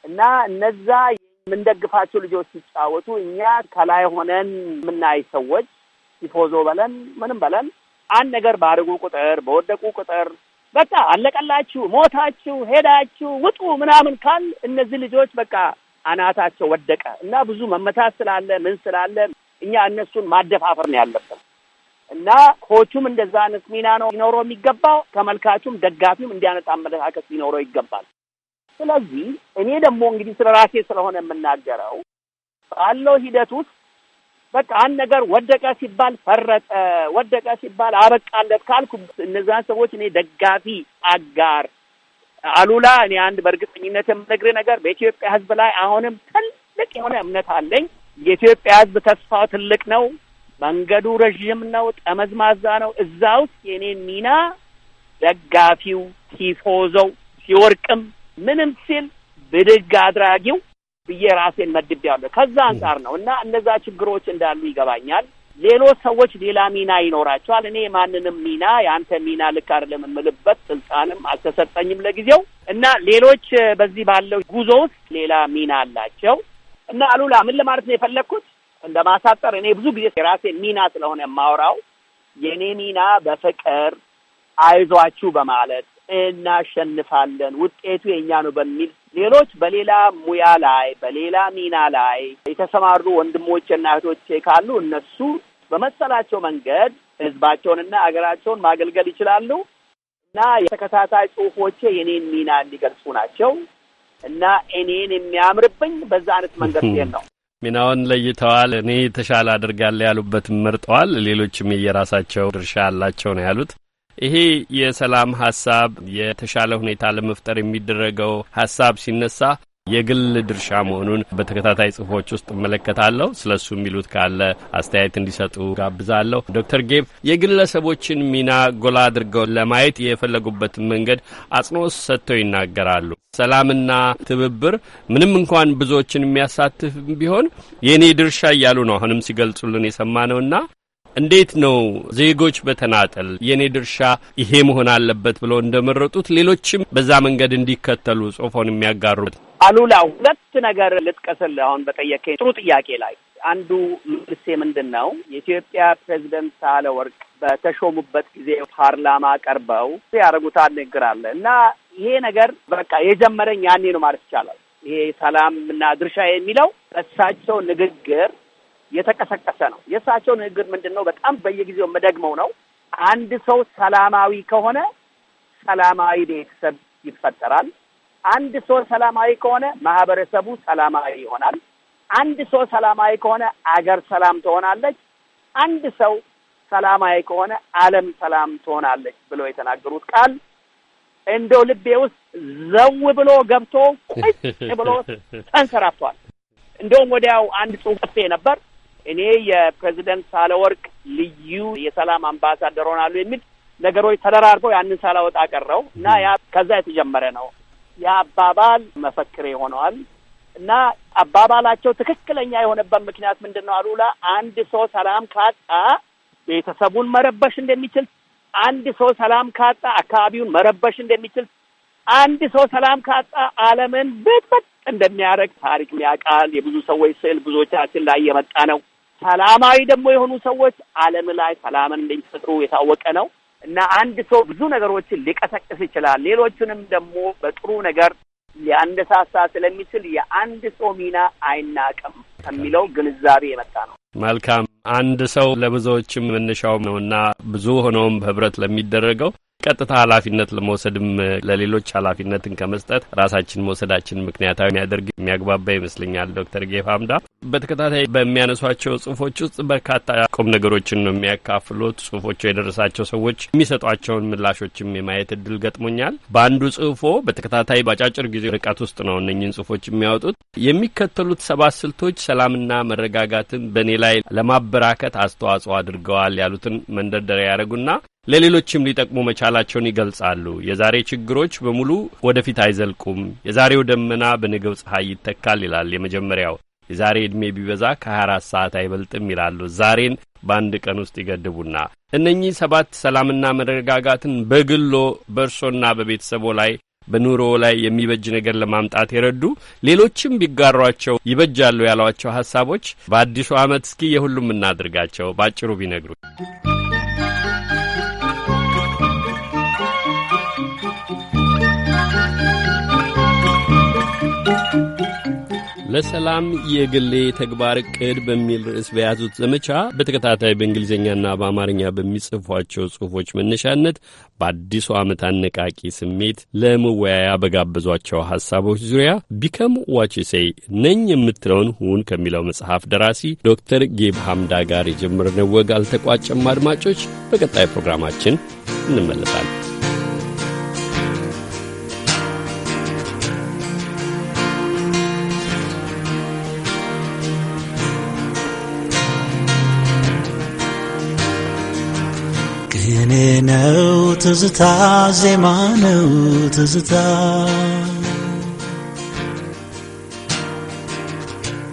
እና እነዛ የምንደግፋቸው ልጆች ሲጫወቱ እኛ ከላይ ሆነን የምናይ ሰዎች ሲፎዞ በለን ምንም በለን አንድ ነገር ባደረጉ ቁጥር በወደቁ ቁጥር በቃ አለቀላችሁ፣ ሞታችሁ፣ ሄዳችሁ ውጡ ምናምን ካል እነዚህ ልጆች በቃ አናታቸው ወደቀ እና ብዙ መመታት ስላለ ምን ስላለ እኛ እነሱን ማደፋፈር ነው ያለብን እና ኮቹም እንደዛ አይነት ሚና ነው ሊኖረው የሚገባው። ተመልካቹም ደጋፊም እንዲያነጣ አመለካከት ሊኖረው ይገባል። ስለዚህ እኔ ደግሞ እንግዲህ ስለ ራሴ ስለሆነ የምናገረው ባለው ሂደት ውስጥ በቃ አንድ ነገር ወደቀ ሲባል ፈረጠ፣ ወደቀ ሲባል አበቃለት ካልኩ እነዛን ሰዎች እኔ ደጋፊ አጋር አሉላ፣ እኔ አንድ በእርግጠኝነት የምነግርህ ነገር በኢትዮጵያ ሕዝብ ላይ አሁንም ትልቅ የሆነ እምነት አለኝ። የኢትዮጵያ ሕዝብ ተስፋው ትልቅ ነው። መንገዱ ረዥም ነው፣ ጠመዝማዛ ነው። እዛ ውስጥ ሚና ደጋፊው፣ ሲፎዘው፣ ሲወርቅም ምንም ሲል ብድግ አድራጊው ብዬ ራሴን መድቤያለሁ። ከዛ አንጻር ነው እና እነዛ ችግሮች እንዳሉ ይገባኛል። ሌሎች ሰዎች ሌላ ሚና ይኖራቸዋል። እኔ ማንንም ሚና የአንተ ሚና ልክ አይደለም የምልበት ስልጣንም አልተሰጠኝም ለጊዜው እና ሌሎች በዚህ ባለው ጉዞ ውስጥ ሌላ ሚና አላቸው እና አሉላ ምን ለማለት ነው የፈለግኩት እንደ ማሳጠር እኔ ብዙ ጊዜ የራሴ ሚና ስለሆነ የማወራው የእኔ ሚና በፍቅር አይዟችሁ በማለት እናሸንፋለን፣ ውጤቱ የእኛ ነው በሚል ሌሎች በሌላ ሙያ ላይ በሌላ ሚና ላይ የተሰማሩ ወንድሞቼና እህቶቼ ካሉ እነሱ በመሰላቸው መንገድ ህዝባቸውንና አገራቸውን ማገልገል ይችላሉ እና የተከታታይ ጽሁፎቼ የኔን ሚና እንዲገልጹ ናቸው እና እኔን የሚያምርብኝ በዛ አይነት መንገድ ሴን ነው። ሚናውን ለይተዋል። እኔ የተሻለ አድርጋለ ያሉበትም መርጠዋል። ሌሎችም የየራሳቸው ድርሻ አላቸው ነው ያሉት። ይሄ የሰላም ሀሳብ የተሻለ ሁኔታ ለመፍጠር የሚደረገው ሀሳብ ሲነሳ የግል ድርሻ መሆኑን በተከታታይ ጽሁፎች ውስጥ እመለከታለሁ። ስለ እሱ የሚሉት ካለ አስተያየት እንዲሰጡ ጋብዛለሁ። ዶክተር ጌብ የግለሰቦችን ሚና ጎላ አድርገው ለማየት የፈለጉበትን መንገድ አጽንኦት ሰጥተው ይናገራሉ። ሰላምና ትብብር ምንም እንኳን ብዙዎችን የሚያሳትፍ ቢሆን የእኔ ድርሻ እያሉ ነው አሁንም ሲገልጹልን የሰማ ነውና እንዴት ነው ዜጎች በተናጠል የእኔ ድርሻ ይሄ መሆን አለበት ብለው እንደመረጡት ሌሎችም በዛ መንገድ እንዲከተሉ ጽሁፎን የሚያጋሩት? አሉላ ሁለት ነገር ልጥቀስል። አሁን በጠየቀኝ ጥሩ ጥያቄ ላይ አንዱ መልሴ ምንድን ነው የኢትዮጵያ ፕሬዚደንት ወርቅ በተሾሙበት ጊዜ ፓርላማ ቀርበው ያደረጉታል ንግግር አለ እና ይሄ ነገር በቃ የጀመረኝ ያኔ ነው ማለት ይቻላል። ይሄ ሰላም እና ድርሻ የሚለው በሳቸው ንግግር የተቀሰቀሰ ነው። የእሳቸው ንግግር ምንድን ነው? በጣም በየጊዜው የምደግመው ነው። አንድ ሰው ሰላማዊ ከሆነ ሰላማዊ ቤተሰብ ይፈጠራል። አንድ ሰው ሰላማዊ ከሆነ ማህበረሰቡ ሰላማዊ ይሆናል። አንድ ሰው ሰላማዊ ከሆነ አገር ሰላም ትሆናለች። አንድ ሰው ሰላማዊ ከሆነ ዓለም ሰላም ትሆናለች ብሎ የተናገሩት ቃል እንደው ልቤ ውስጥ ዘው ብሎ ገብቶ ቁጭ ብሎ ተንሰራፍቷል። እንደውም ወዲያው አንድ ጽሑፍ ጽፌ ነበር እኔ የፕሬዚደንት ሳለወርቅ ልዩ የሰላም አምባሳደር ሆናሉ የሚል ነገሮች ተደራርበው ያንን ሳላወጣ ቀረው እና ያ ከዛ የተጀመረ ነው። የአባባል መፈክሬ ሆነዋል እና አባባላቸው ትክክለኛ የሆነበት ምክንያት ምንድን ነው? አሉላ አንድ ሰው ሰላም ካጣ ቤተሰቡን መረበሽ እንደሚችል፣ አንድ ሰው ሰላም ካጣ አካባቢውን መረበሽ እንደሚችል፣ አንድ ሰው ሰላም ካጣ ዓለምን ብጥብጥ እንደሚያደርግ ታሪክ ያውቃል። የብዙ ሰዎች ስዕል ብዙዎቻችን ላይ የመጣ ነው። ሰላማዊ ደግሞ የሆኑ ሰዎች ዓለም ላይ ሰላምን እንደሚፈጥሩ የታወቀ ነው እና አንድ ሰው ብዙ ነገሮችን ሊቀሰቅስ ይችላል። ሌሎቹንም ደግሞ በጥሩ ነገር ሊያነሳሳ ስለሚችል የአንድ ሰው ሚና አይናቅም። ከሚለው ግንዛቤ የመጣ ነው። መልካም አንድ ሰው ለብዙዎችም መነሻው ነውና ብዙ ሆነውም በህብረት ለሚደረገው ቀጥታ ኃላፊነት ለመውሰድም ለሌሎች ኃላፊነትን ከመስጠት ራሳችን መውሰዳችን ምክንያታዊ የሚያደርግ የሚያግባባ ይመስለኛል። ዶክተር ጌፋ አምዳ በተከታታይ በሚያነሷቸው ጽሁፎች ውስጥ በርካታ ቁም ነገሮችን ነው የሚያካፍሉት። ጽሁፎቹ የደረሳቸው ሰዎች የሚሰጧቸውን ምላሾችም የማየት እድል ገጥሞኛል። በአንዱ ጽሁፎ በተከታታይ በአጫጭር ጊዜ ርቀት ውስጥ ነው እነኝን ጽሁፎች የሚያወጡት። የሚከተሉት ሰባት ስልቶች ሰላምና መረጋጋትን በእኔ ላይ ለማበራከት አስተዋጽኦ አድርገዋል ያሉትን መንደርደሪያ ያደረጉና ለሌሎችም ሊጠቅሙ መቻላቸውን ይገልጻሉ። የዛሬ ችግሮች በሙሉ ወደፊት አይዘልቁም፣ የዛሬው ደመና በንግብ ፀሐይ ይተካል ይላል የመጀመሪያው። የዛሬ ዕድሜ ቢበዛ ከ24 ሰዓት አይበልጥም ይላሉ። ዛሬን በአንድ ቀን ውስጥ ይገድቡና እነኚህ ሰባት ሰላምና መረጋጋትን በግሎ በእርሶና በቤተሰቦ ላይ በኑሮ ላይ የሚበጅ ነገር ለማምጣት የረዱ ሌሎችም ቢጋሯቸው ይበጃሉ ያሏቸው ሀሳቦች በአዲሱ ዓመት እስኪ የሁሉም እናድርጋቸው በአጭሩ ቢነግሩ። በሰላም የግሌ ተግባር እቅድ በሚል ርዕስ በያዙት ዘመቻ በተከታታይ በእንግሊዝኛና በአማርኛ በሚጽፏቸው ጽሑፎች መነሻነት በአዲሱ ዓመት አነቃቂ ስሜት ለመወያያ በጋበዟቸው ሐሳቦች ዙሪያ ቢከም ዋችሴይ ነኝ የምትለውን ሁን ከሚለው መጽሐፍ ደራሲ ዶክተር ጌብ ሐምዳ ጋር የጀመርነው ወግ አልተቋጨም። አድማጮች፣ በቀጣይ ፕሮግራማችን እንመለሳለን። ነው ትዝታ ዜማ ነው ትዝታ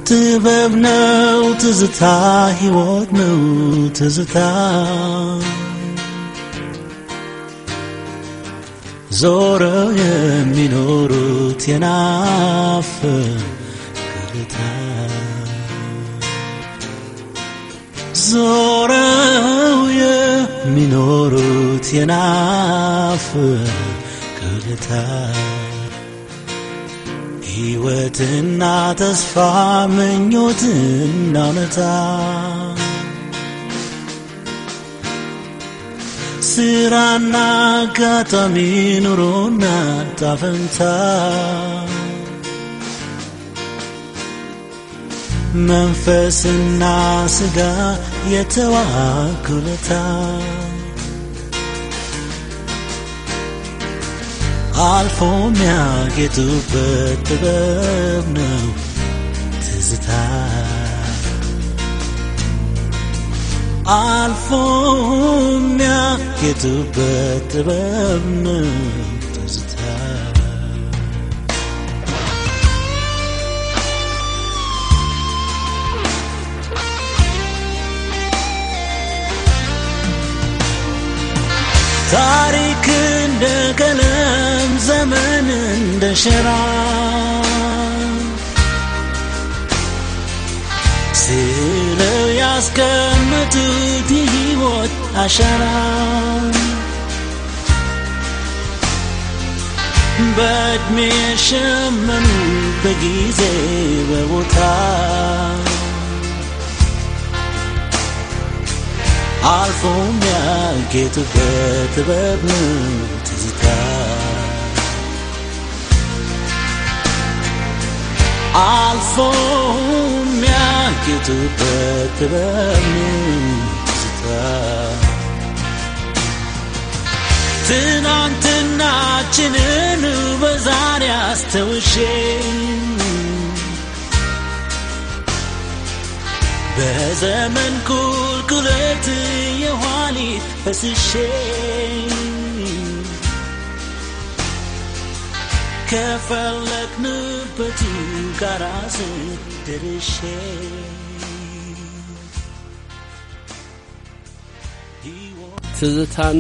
ጥበብ ነው ትዝታ ሕይወት ነው ትዝታ ዞረው የሚኖሩት የናፍ ዞረው የሚኖሩት የናፍ ክልታ ሕይወትና ተስፋ ምኞትና እውነታ ስራና አጋጣሚ ኑሮና ጣፈንታ መንፈስና ስጋ የተዋኩለታ አልፎ ሚያጌጡበት ጥበብ ነው ትዝታ አልፎ ሚያጌጡበት ጥበብ ነው ታሪክ እንደ ቀለም ዘመን እንደ ሸራ ስለው ያስቀመጡት የህይወት አሻራ በእድሜ ሸመኑ በጊዜ በቦታ አልፎኛል ጌቱ በጥበብ ትዝታ አልፎኛል ጌቱ በጥበብ ትዝታ ትናንትናችንን በዛሬ አስተውሼ በዘመን ቁልቁለት የኋሊት ፈስሼ ከፈለግንበት ጋራ ስደርሼ ትዝታን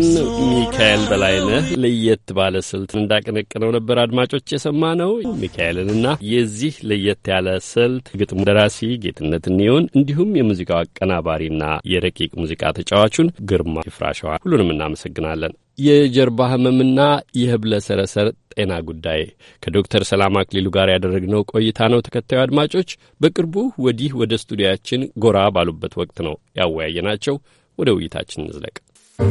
ሚካኤል በላይነህ ለየት ባለ ስልት እንዳቀነቀነው ነበር አድማጮች የሰማ ነው። ሚካኤልንና የዚህ ለየት ያለ ስልት ግጥሙ ደራሲ ጌትነት እንየውን እንዲሁም የሙዚቃው አቀናባሪና የረቂቅ ሙዚቃ ተጫዋቹን ግርማ ይፍራሸዋ ሁሉንም እናመሰግናለን። የጀርባ ህመምና የህብለ ሰረሰር ጤና ጉዳይ ከዶክተር ሰላም አክሊሉ ጋር ያደረግነው ቆይታ ነው። ተከታዩ አድማጮች በቅርቡ ወዲህ ወደ ስቱዲያችን ጎራ ባሉበት ወቅት ነው ያወያየናቸው። ወደ ውይይታችን እንዝለቅ። ጤና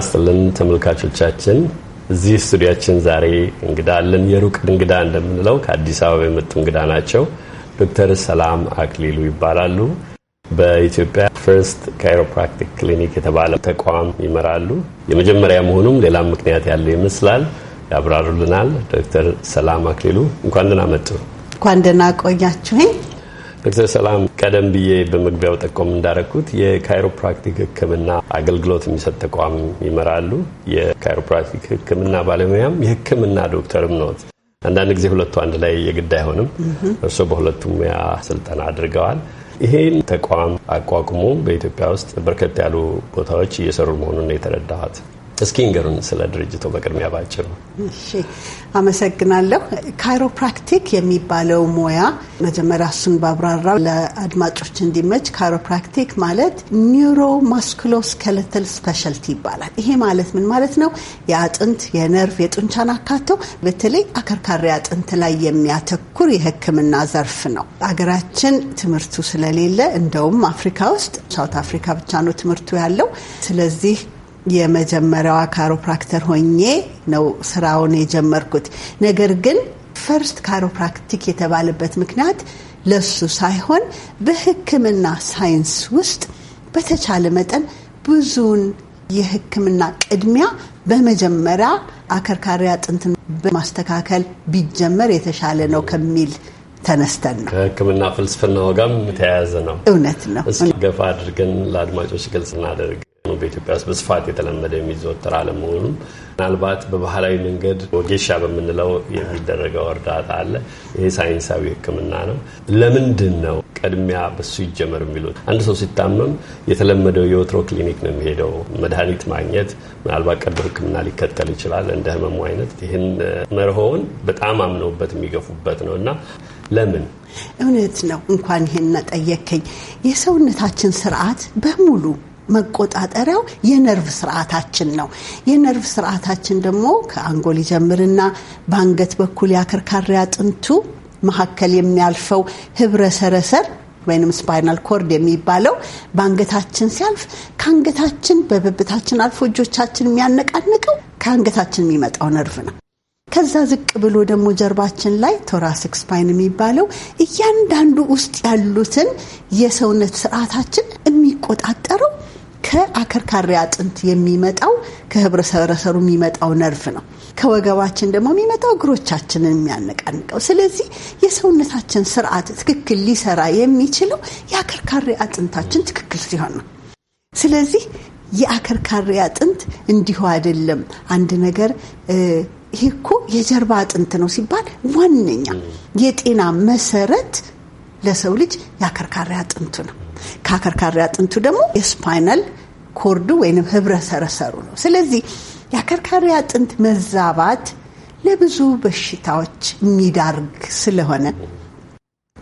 ይስጥልን ተመልካቾቻችን። እዚህ ስቱዲያችን ዛሬ እንግዳ አለን። የሩቅ እንግዳ እንደምንለው ከአዲስ አበባ የመጡ እንግዳ ናቸው። ዶክተር ሰላም አክሊሉ ይባላሉ። በኢትዮጵያ ፈርስት ካይሮፕራክቲክ ክሊኒክ የተባለ ተቋም ይመራሉ። የመጀመሪያ መሆኑም ሌላም ምክንያት ያለው ይመስላል ያብራሩልናል። ዶክተር ሰላም አክሊሉ እንኳን ደህና መጡ። እንኳን ደህና ቆያችሁኝ። ዶክተር ሰላም ቀደም ብዬ በመግቢያው ጠቆም እንዳረግኩት የካይሮፕራክቲክ ሕክምና አገልግሎት የሚሰጥ ተቋም ይመራሉ። የካይሮፕራክቲክ ሕክምና ባለሙያም የሕክምና ዶክተርም ነው። አንዳንድ ጊዜ ሁለቱ አንድ ላይ የግድ አይሆንም። እርስዎ በሁለቱም ሙያ ስልጠና አድርገዋል። ይሄን ተቋም አቋቁሞ በኢትዮጵያ ውስጥ በርከት ያሉ ቦታዎች እየሰሩ መሆኑን የተረዳኋት እስኪ ንገሩን ስለ ድርጅቱ በቅድሚያ ባጭሩ። እሺ፣ አመሰግናለሁ። ካይሮፕራክቲክ የሚባለው ሙያ መጀመሪያ እሱን ባብራራ ለአድማጮች እንዲመች፣ ካይሮፕራክቲክ ማለት ኒውሮ ማስኩሎስኬለተል ስፔሻልቲ ይባላል። ይሄ ማለት ምን ማለት ነው? የአጥንት የነርቭ፣ የጡንቻን አካቶ በተለይ አከርካሪ አጥንት ላይ የሚያተኩር የሕክምና ዘርፍ ነው። አገራችን ትምህርቱ ስለሌለ እንደውም አፍሪካ ውስጥ ሳውት አፍሪካ ብቻ ነው ትምህርቱ ያለው። ስለዚህ የመጀመሪያዋ ካሮፕራክተር ሆኜ ነው ስራውን የጀመርኩት። ነገር ግን ፈርስት ካሮፕራክቲክ የተባለበት ምክንያት ለሱ ሳይሆን በሕክምና ሳይንስ ውስጥ በተቻለ መጠን ብዙውን የሕክምና ቅድሚያ በመጀመሪያ አከርካሪ አጥንትን በማስተካከል ቢጀመር የተሻለ ነው ከሚል ተነስተን ነው። ከሕክምና ፍልስፍና ወጋም ተያያዘ ነው። እውነት ነው። ገፋ አድርገን ለአድማጮች ግልጽ እናደርግ። በኢትዮጵያ ውስጥ በስፋት የተለመደ የሚዘወተር አለመሆኑም ምናልባት በባህላዊ መንገድ ወጌሻ በምንለው የሚደረገው እርዳታ አለ። ይሄ ሳይንሳዊ ሕክምና ነው። ለምንድን ነው ቅድሚያ በሱ ይጀመር የሚሉት? አንድ ሰው ሲታመም የተለመደው የወትሮ ክሊኒክ ነው የሚሄደው መድኃኒት ማግኘት፣ ምናልባት ቀዶ ሕክምና ሊከተል ይችላል እንደ ህመሙ አይነት። ይህን መርሆውን በጣም አምነውበት የሚገፉበት ነው እና ለምን እውነት ነው። እንኳን ይሄን ጠየከኝ። የሰውነታችን ስርዓት በሙሉ መቆጣጠሪያው የነርቭ ስርዓታችን ነው። የነርቭ ስርዓታችን ደግሞ ከአንጎል ይጀምርና በአንገት በኩል የአከርካሪ አጥንቱ መካከል የሚያልፈው ህብረ ሰረሰር ወይም ስፓይናል ኮርድ የሚባለው በአንገታችን ሲያልፍ ከአንገታችን በብብታችን አልፎ እጆቻችን የሚያነቃንቀው ከአንገታችን የሚመጣው ነርቭ ነው። ከዛ ዝቅ ብሎ ደግሞ ጀርባችን ላይ ቶራሲክ ስፓይን የሚባለው እያንዳንዱ ውስጥ ያሉትን የሰውነት ስርዓታችን የሚቆጣጠረው ከአከርካሪ አጥንት የሚመጣው ከህብረሰረሰሩ የሚመጣው ነርፍ ነው። ከወገባችን ደግሞ የሚመጣው እግሮቻችንን የሚያነቃንቀው። ስለዚህ የሰውነታችን ስርዓት ትክክል ሊሰራ የሚችለው የአከርካሪ አጥንታችን ትክክል ሲሆን ነው። ስለዚህ የአከርካሪ አጥንት እንዲሁ አይደለም አንድ ነገር ይሄ እኮ የጀርባ አጥንት ነው ሲባል ዋነኛ የጤና መሰረት ለሰው ልጅ የአከርካሪ አጥንቱ ነው። ከአከርካሪ አጥንቱ ደግሞ የስፓይናል ኮርዱ ወይም ህብረ ሰረሰሩ ነው። ስለዚህ የአከርካሪ አጥንት መዛባት ለብዙ በሽታዎች የሚዳርግ ስለሆነ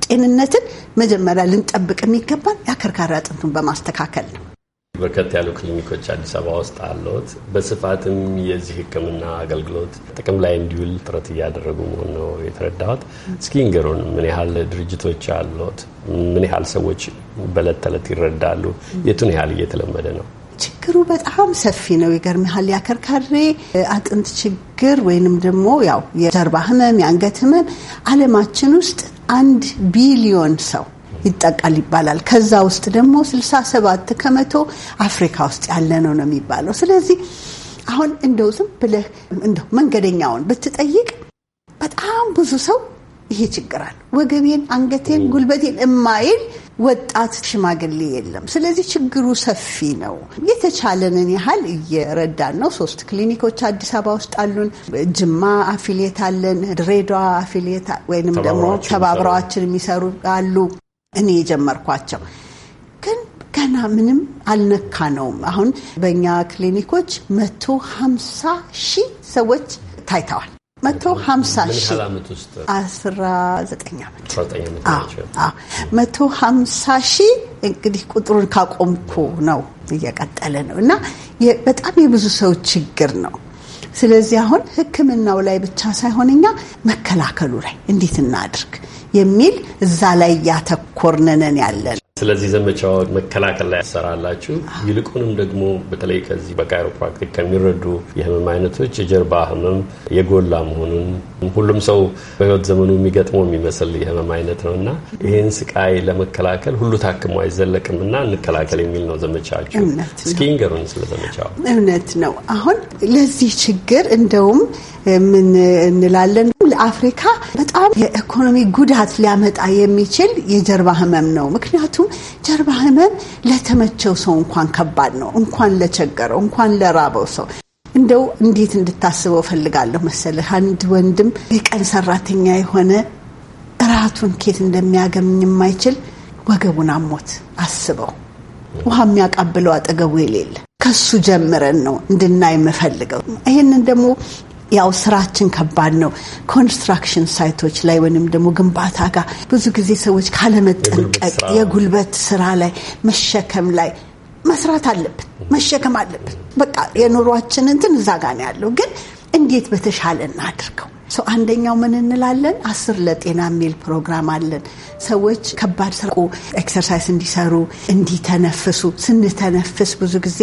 ጤንነትን መጀመሪያ ልንጠብቅ የሚገባን የአከርካሪ አጥንቱን በማስተካከል ነው። በርከት ያሉ ክሊኒኮች አዲስ አበባ ውስጥ አሉት በስፋትም የዚህ ሕክምና አገልግሎት ጥቅም ላይ እንዲውል ጥረት እያደረጉ መሆን ነው የተረዳሁት። እስኪ ንገሩን፣ ምን ያህል ድርጅቶች አለት? ምን ያህል ሰዎች በለት ተዕለት ይረዳሉ? የቱን ያህል እየተለመደ ነው? ችግሩ በጣም ሰፊ ነው። ይገርምሃል። ያከርካሬ አጥንት ችግር ወይንም ደግሞ ያው የጀርባ ህመም፣ የአንገት ህመም አለማችን ውስጥ አንድ ቢሊዮን ሰው ይጠቃል ይባላል። ከዛ ውስጥ ደግሞ 67 ከመቶ አፍሪካ ውስጥ ያለ ነው ነው የሚባለው። ስለዚህ አሁን እንደው ዝም ብለህ እንደው መንገደኛውን ብትጠይቅ በጣም ብዙ ሰው ይሄ ችግር አለ፣ ወገቤን፣ አንገቴን፣ ጉልበቴን እማይል ወጣት ሽማግሌ የለም። ስለዚህ ችግሩ ሰፊ ነው። የተቻለንን ያህል እየረዳን ነው። ሶስት ክሊኒኮች አዲስ አበባ ውስጥ አሉን። ጅማ አፊሌት አለን፣ ድሬዳዋ አፊሌት ወይንም ደግሞ ተባብረዋችን የሚሰሩ አሉ። እኔ የጀመርኳቸው ግን ገና ምንም አልነካ ነውም። አሁን በእኛ ክሊኒኮች መቶ ሀምሳ ሺህ ሰዎች ታይተዋል። መቶ ሀምሳ ሺህ አስራ ዘጠኝ ዓመት መቶ ሀምሳ ሺህ እንግዲህ ቁጥሩን ካቆምኩ ነው እየቀጠለ ነው እና በጣም የብዙ ሰው ችግር ነው። ስለዚህ አሁን ሕክምናው ላይ ብቻ ሳይሆን እኛ መከላከሉ ላይ እንዴት እናድርግ የሚል እዛ ላይ እያተኮርንንን ያለን። ስለዚህ ዘመቻው መከላከል ላይ ያሰራላችሁ፣ ይልቁንም ደግሞ በተለይ ከዚህ በካይሮፕራክቲክ ከሚረዱ የህመም አይነቶች የጀርባ ህመም የጎላ መሆኑን ሁሉም ሰው በህይወት ዘመኑ የሚገጥመው የሚመስል የህመም አይነት ነው እና ይህን ስቃይ ለመከላከል ሁሉ ታክሞ አይዘለቅም እና እንከላከል የሚል ነው ዘመቻችሁ። እስኪ ንገሩን ስለ ዘመቻው። እውነት ነው። አሁን ለዚህ ችግር እንደውም ምን እንላለን አፍሪካ በጣም የኢኮኖሚ ጉዳት ሊያመጣ የሚችል የጀርባ ህመም ነው። ምክንያቱም ጀርባ ህመም ለተመቸው ሰው እንኳን ከባድ ነው፣ እንኳን ለቸገረው፣ እንኳን ለራበው ሰው እንደው እንዴት እንድታስበው ፈልጋለሁ መሰለህ። አንድ ወንድም የቀን ሰራተኛ የሆነ እራቱን ኬት እንደሚያገኝ የማይችል ወገቡን አሞት አስበው፣ ውሃ የሚያቃብለው አጠገቡ የሌለ ከሱ ጀምረን ነው እንድናይ የምፈልገው። ይህንን ደግሞ ያው ስራችን ከባድ ነው። ኮንስትራክሽን ሳይቶች ላይ ወይም ደግሞ ግንባታ ጋር ብዙ ጊዜ ሰዎች ካለመጠንቀቅ የጉልበት ስራ ላይ መሸከም ላይ መስራት አለብን፣ መሸከም አለብን። በቃ የኑሯችን እንትን እዛ ጋ ነው ያለው። ግን እንዴት በተሻለ እናድርገው? ሰው አንደኛው ምን እንላለን፣ አስር ለጤና የሚል ፕሮግራም አለን። ሰዎች ከባድ ስራ ኤክሰርሳይዝ እንዲሰሩ እንዲተነፍሱ፣ ስንተነፍስ ብዙ ጊዜ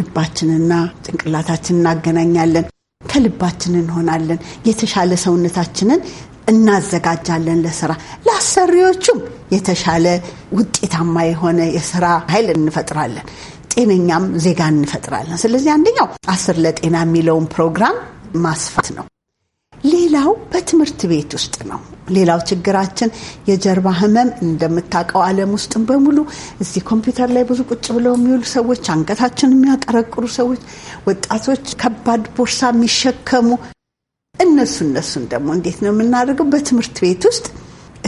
ልባችንና ጭንቅላታችን እናገናኛለን። ከልባችን እንሆናለን። የተሻለ ሰውነታችንን እናዘጋጃለን ለስራ። ለአሰሪዎቹም የተሻለ ውጤታማ የሆነ የስራ ኃይል እንፈጥራለን። ጤነኛም ዜጋ እንፈጥራለን። ስለዚህ አንደኛው አስር ለጤና የሚለውን ፕሮግራም ማስፋት ነው። ሌላው በትምህርት ቤት ውስጥ ነው። ሌላው ችግራችን የጀርባ ህመም እንደምታውቀው ዓለም ውስጥ በሙሉ እዚህ ኮምፒውተር ላይ ብዙ ቁጭ ብለው የሚውሉ ሰዎች፣ አንገታችን የሚያቀረቅሩ ሰዎች፣ ወጣቶች ከባድ ቦርሳ የሚሸከሙ እነሱ እነሱን ደግሞ እንዴት ነው የምናደርገው? በትምህርት ቤት ውስጥ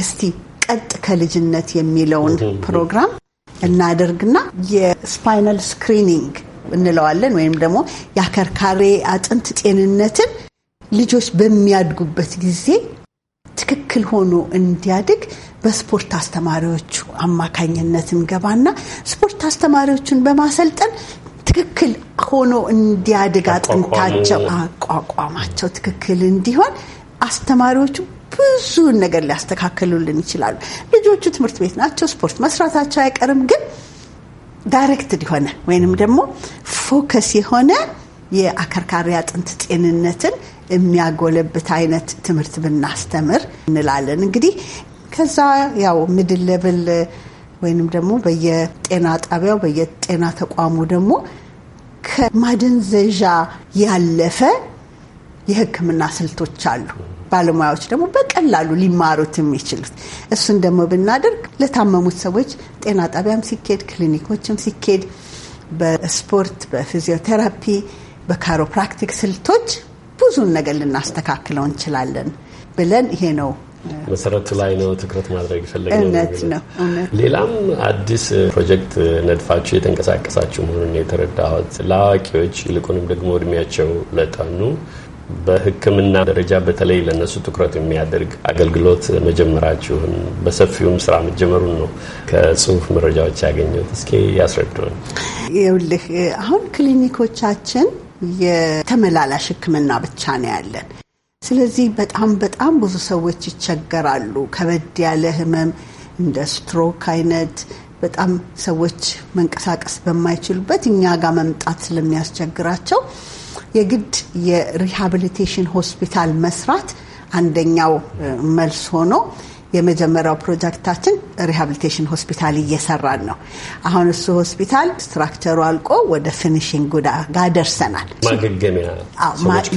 እስቲ ቀጥ ከልጅነት የሚለውን ፕሮግራም እናደርግና የስፓይናል ስክሪኒንግ እንለዋለን ወይም ደግሞ የአከርካሪ አጥንት ጤንነትን ልጆች በሚያድጉበት ጊዜ ትክክል ሆኖ እንዲያድግ በስፖርት አስተማሪዎቹ አማካኝነት እንገባና ስፖርት አስተማሪዎቹን በማሰልጠን ትክክል ሆኖ እንዲያድግ አጥንታቸው አቋቋማቸው ትክክል እንዲሆን አስተማሪዎቹ ብዙን ነገር ሊያስተካከሉልን ይችላሉ። ልጆቹ ትምህርት ቤት ናቸው፣ ስፖርት መስራታቸው አይቀርም። ግን ዳይሬክትድ የሆነ ወይንም ደግሞ ፎከስ የሆነ የአከርካሪ አጥንት ጤንነትን የሚያጎለብት አይነት ትምህርት ብናስተምር እንላለን። እንግዲህ ከዛ ያው ሚድል ሌቭል ወይንም ደግሞ በየጤና ጣቢያው በየጤና ተቋሙ ደግሞ ከማደንዘዣ ያለፈ የሕክምና ስልቶች አሉ። ባለሙያዎች ደግሞ በቀላሉ ሊማሩት የሚችሉት እሱን ደግሞ ብናደርግ ለታመሙት ሰዎች ጤና ጣቢያም ሲኬድ፣ ክሊኒኮችም ሲኬድ፣ በስፖርት፣ በፊዚዮቴራፒ፣ በካይሮፕራክቲክ ስልቶች ብዙን ነገር ልናስተካክለው እንችላለን ብለን ይሄ ነው መሰረቱ ላይ ነው ትኩረት ማድረግ ነው። ሌላም አዲስ ፕሮጀክት ነድፋችሁ የተንቀሳቀሳችሁ መሆኑን የተረዳሁት ለአዋቂዎች ይልቁንም ደግሞ እድሜያቸው ለጠኑ በሕክምና ደረጃ በተለይ ለእነሱ ትኩረት የሚያደርግ አገልግሎት መጀመራችሁን በሰፊውም ስራ መጀመሩን ነው ከጽሁፍ መረጃዎች ያገኘሁት። እስኪ ያስረዱን። ይኸውልህ አሁን ክሊኒኮቻችን የተመላላሽ ሕክምና ብቻ ነው ያለን። ስለዚህ በጣም በጣም ብዙ ሰዎች ይቸገራሉ። ከበድ ያለ ህመም እንደ ስትሮክ አይነት በጣም ሰዎች መንቀሳቀስ በማይችሉበት እኛ ጋር መምጣት ስለሚያስቸግራቸው የግድ የሪሃብሊቴሽን ሆስፒታል መስራት አንደኛው መልስ ሆኖ የመጀመሪያው ፕሮጀክታችን ሪሃብሊቴሽን ሆስፒታል እየሰራን ነው። አሁን እሱ ሆስፒታል ስትራክቸሩ አልቆ ወደ ፊኒሽንግ ጉዳ ጋር ደርሰናል። ማገገሚያ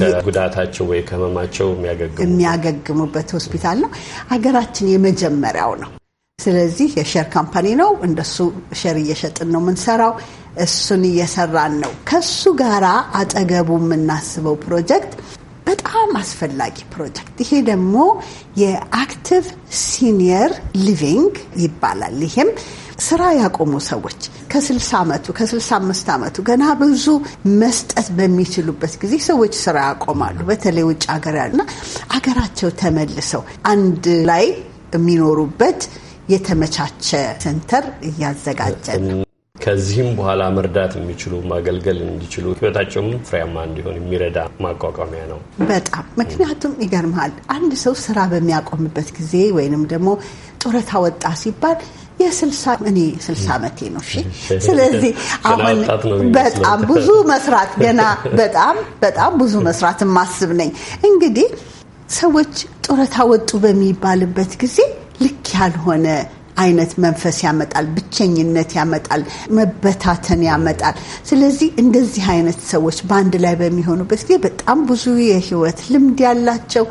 ከጉዳታቸው ወይ ከህመማቸው የሚያገግሙበት ሆስፒታል ነው። ሀገራችን የመጀመሪያው ነው። ስለዚህ የሼር ካምፓኒ ነው። እንደሱ ሼር እየሸጥን ነው የምንሰራው። እሱን እየሰራን ነው። ከሱ ጋራ አጠገቡ የምናስበው ፕሮጀክት በጣም አስፈላጊ ፕሮጀክት። ይሄ ደግሞ የአክቲቭ ሲኒየር ሊቪንግ ይባላል። ይሄም ስራ ያቆሙ ሰዎች ከ60 ዓመቱ ከ65 ዓመቱ ገና ብዙ መስጠት በሚችሉበት ጊዜ ሰዎች ስራ ያቆማሉ። በተለይ ውጭ ሀገር ያሉና አገራቸው ተመልሰው አንድ ላይ የሚኖሩበት የተመቻቸ ሴንተር እያዘጋጀ ነው። ከዚህም በኋላ መርዳት የሚችሉ ማገልገል እንዲችሉ ህይወታቸውም ፍሬያማ እንዲሆን የሚረዳ ማቋቋሚያ ነው። በጣም ምክንያቱም ይገርመሃል፣ አንድ ሰው ስራ በሚያቆምበት ጊዜ ወይንም ደግሞ ጡረታ ወጣ ሲባል የስልሳ እኔ ስልሳ ዓመቴ ነው። እሺ፣ ስለዚህ አሁን በጣም ብዙ መስራት ገና በጣም በጣም ብዙ መስራት ማስብ ነኝ። እንግዲህ ሰዎች ጡረታ ወጡ በሚባልበት ጊዜ ልክ ያልሆነ አይነት መንፈስ ያመጣል፣ ብቸኝነት ያመጣል፣ መበታተን ያመጣል። ስለዚህ እንደዚህ አይነት ሰዎች በአንድ ላይ በሚሆኑበት ጊዜ በጣም ብዙ የህይወት ልምድ ያላቸው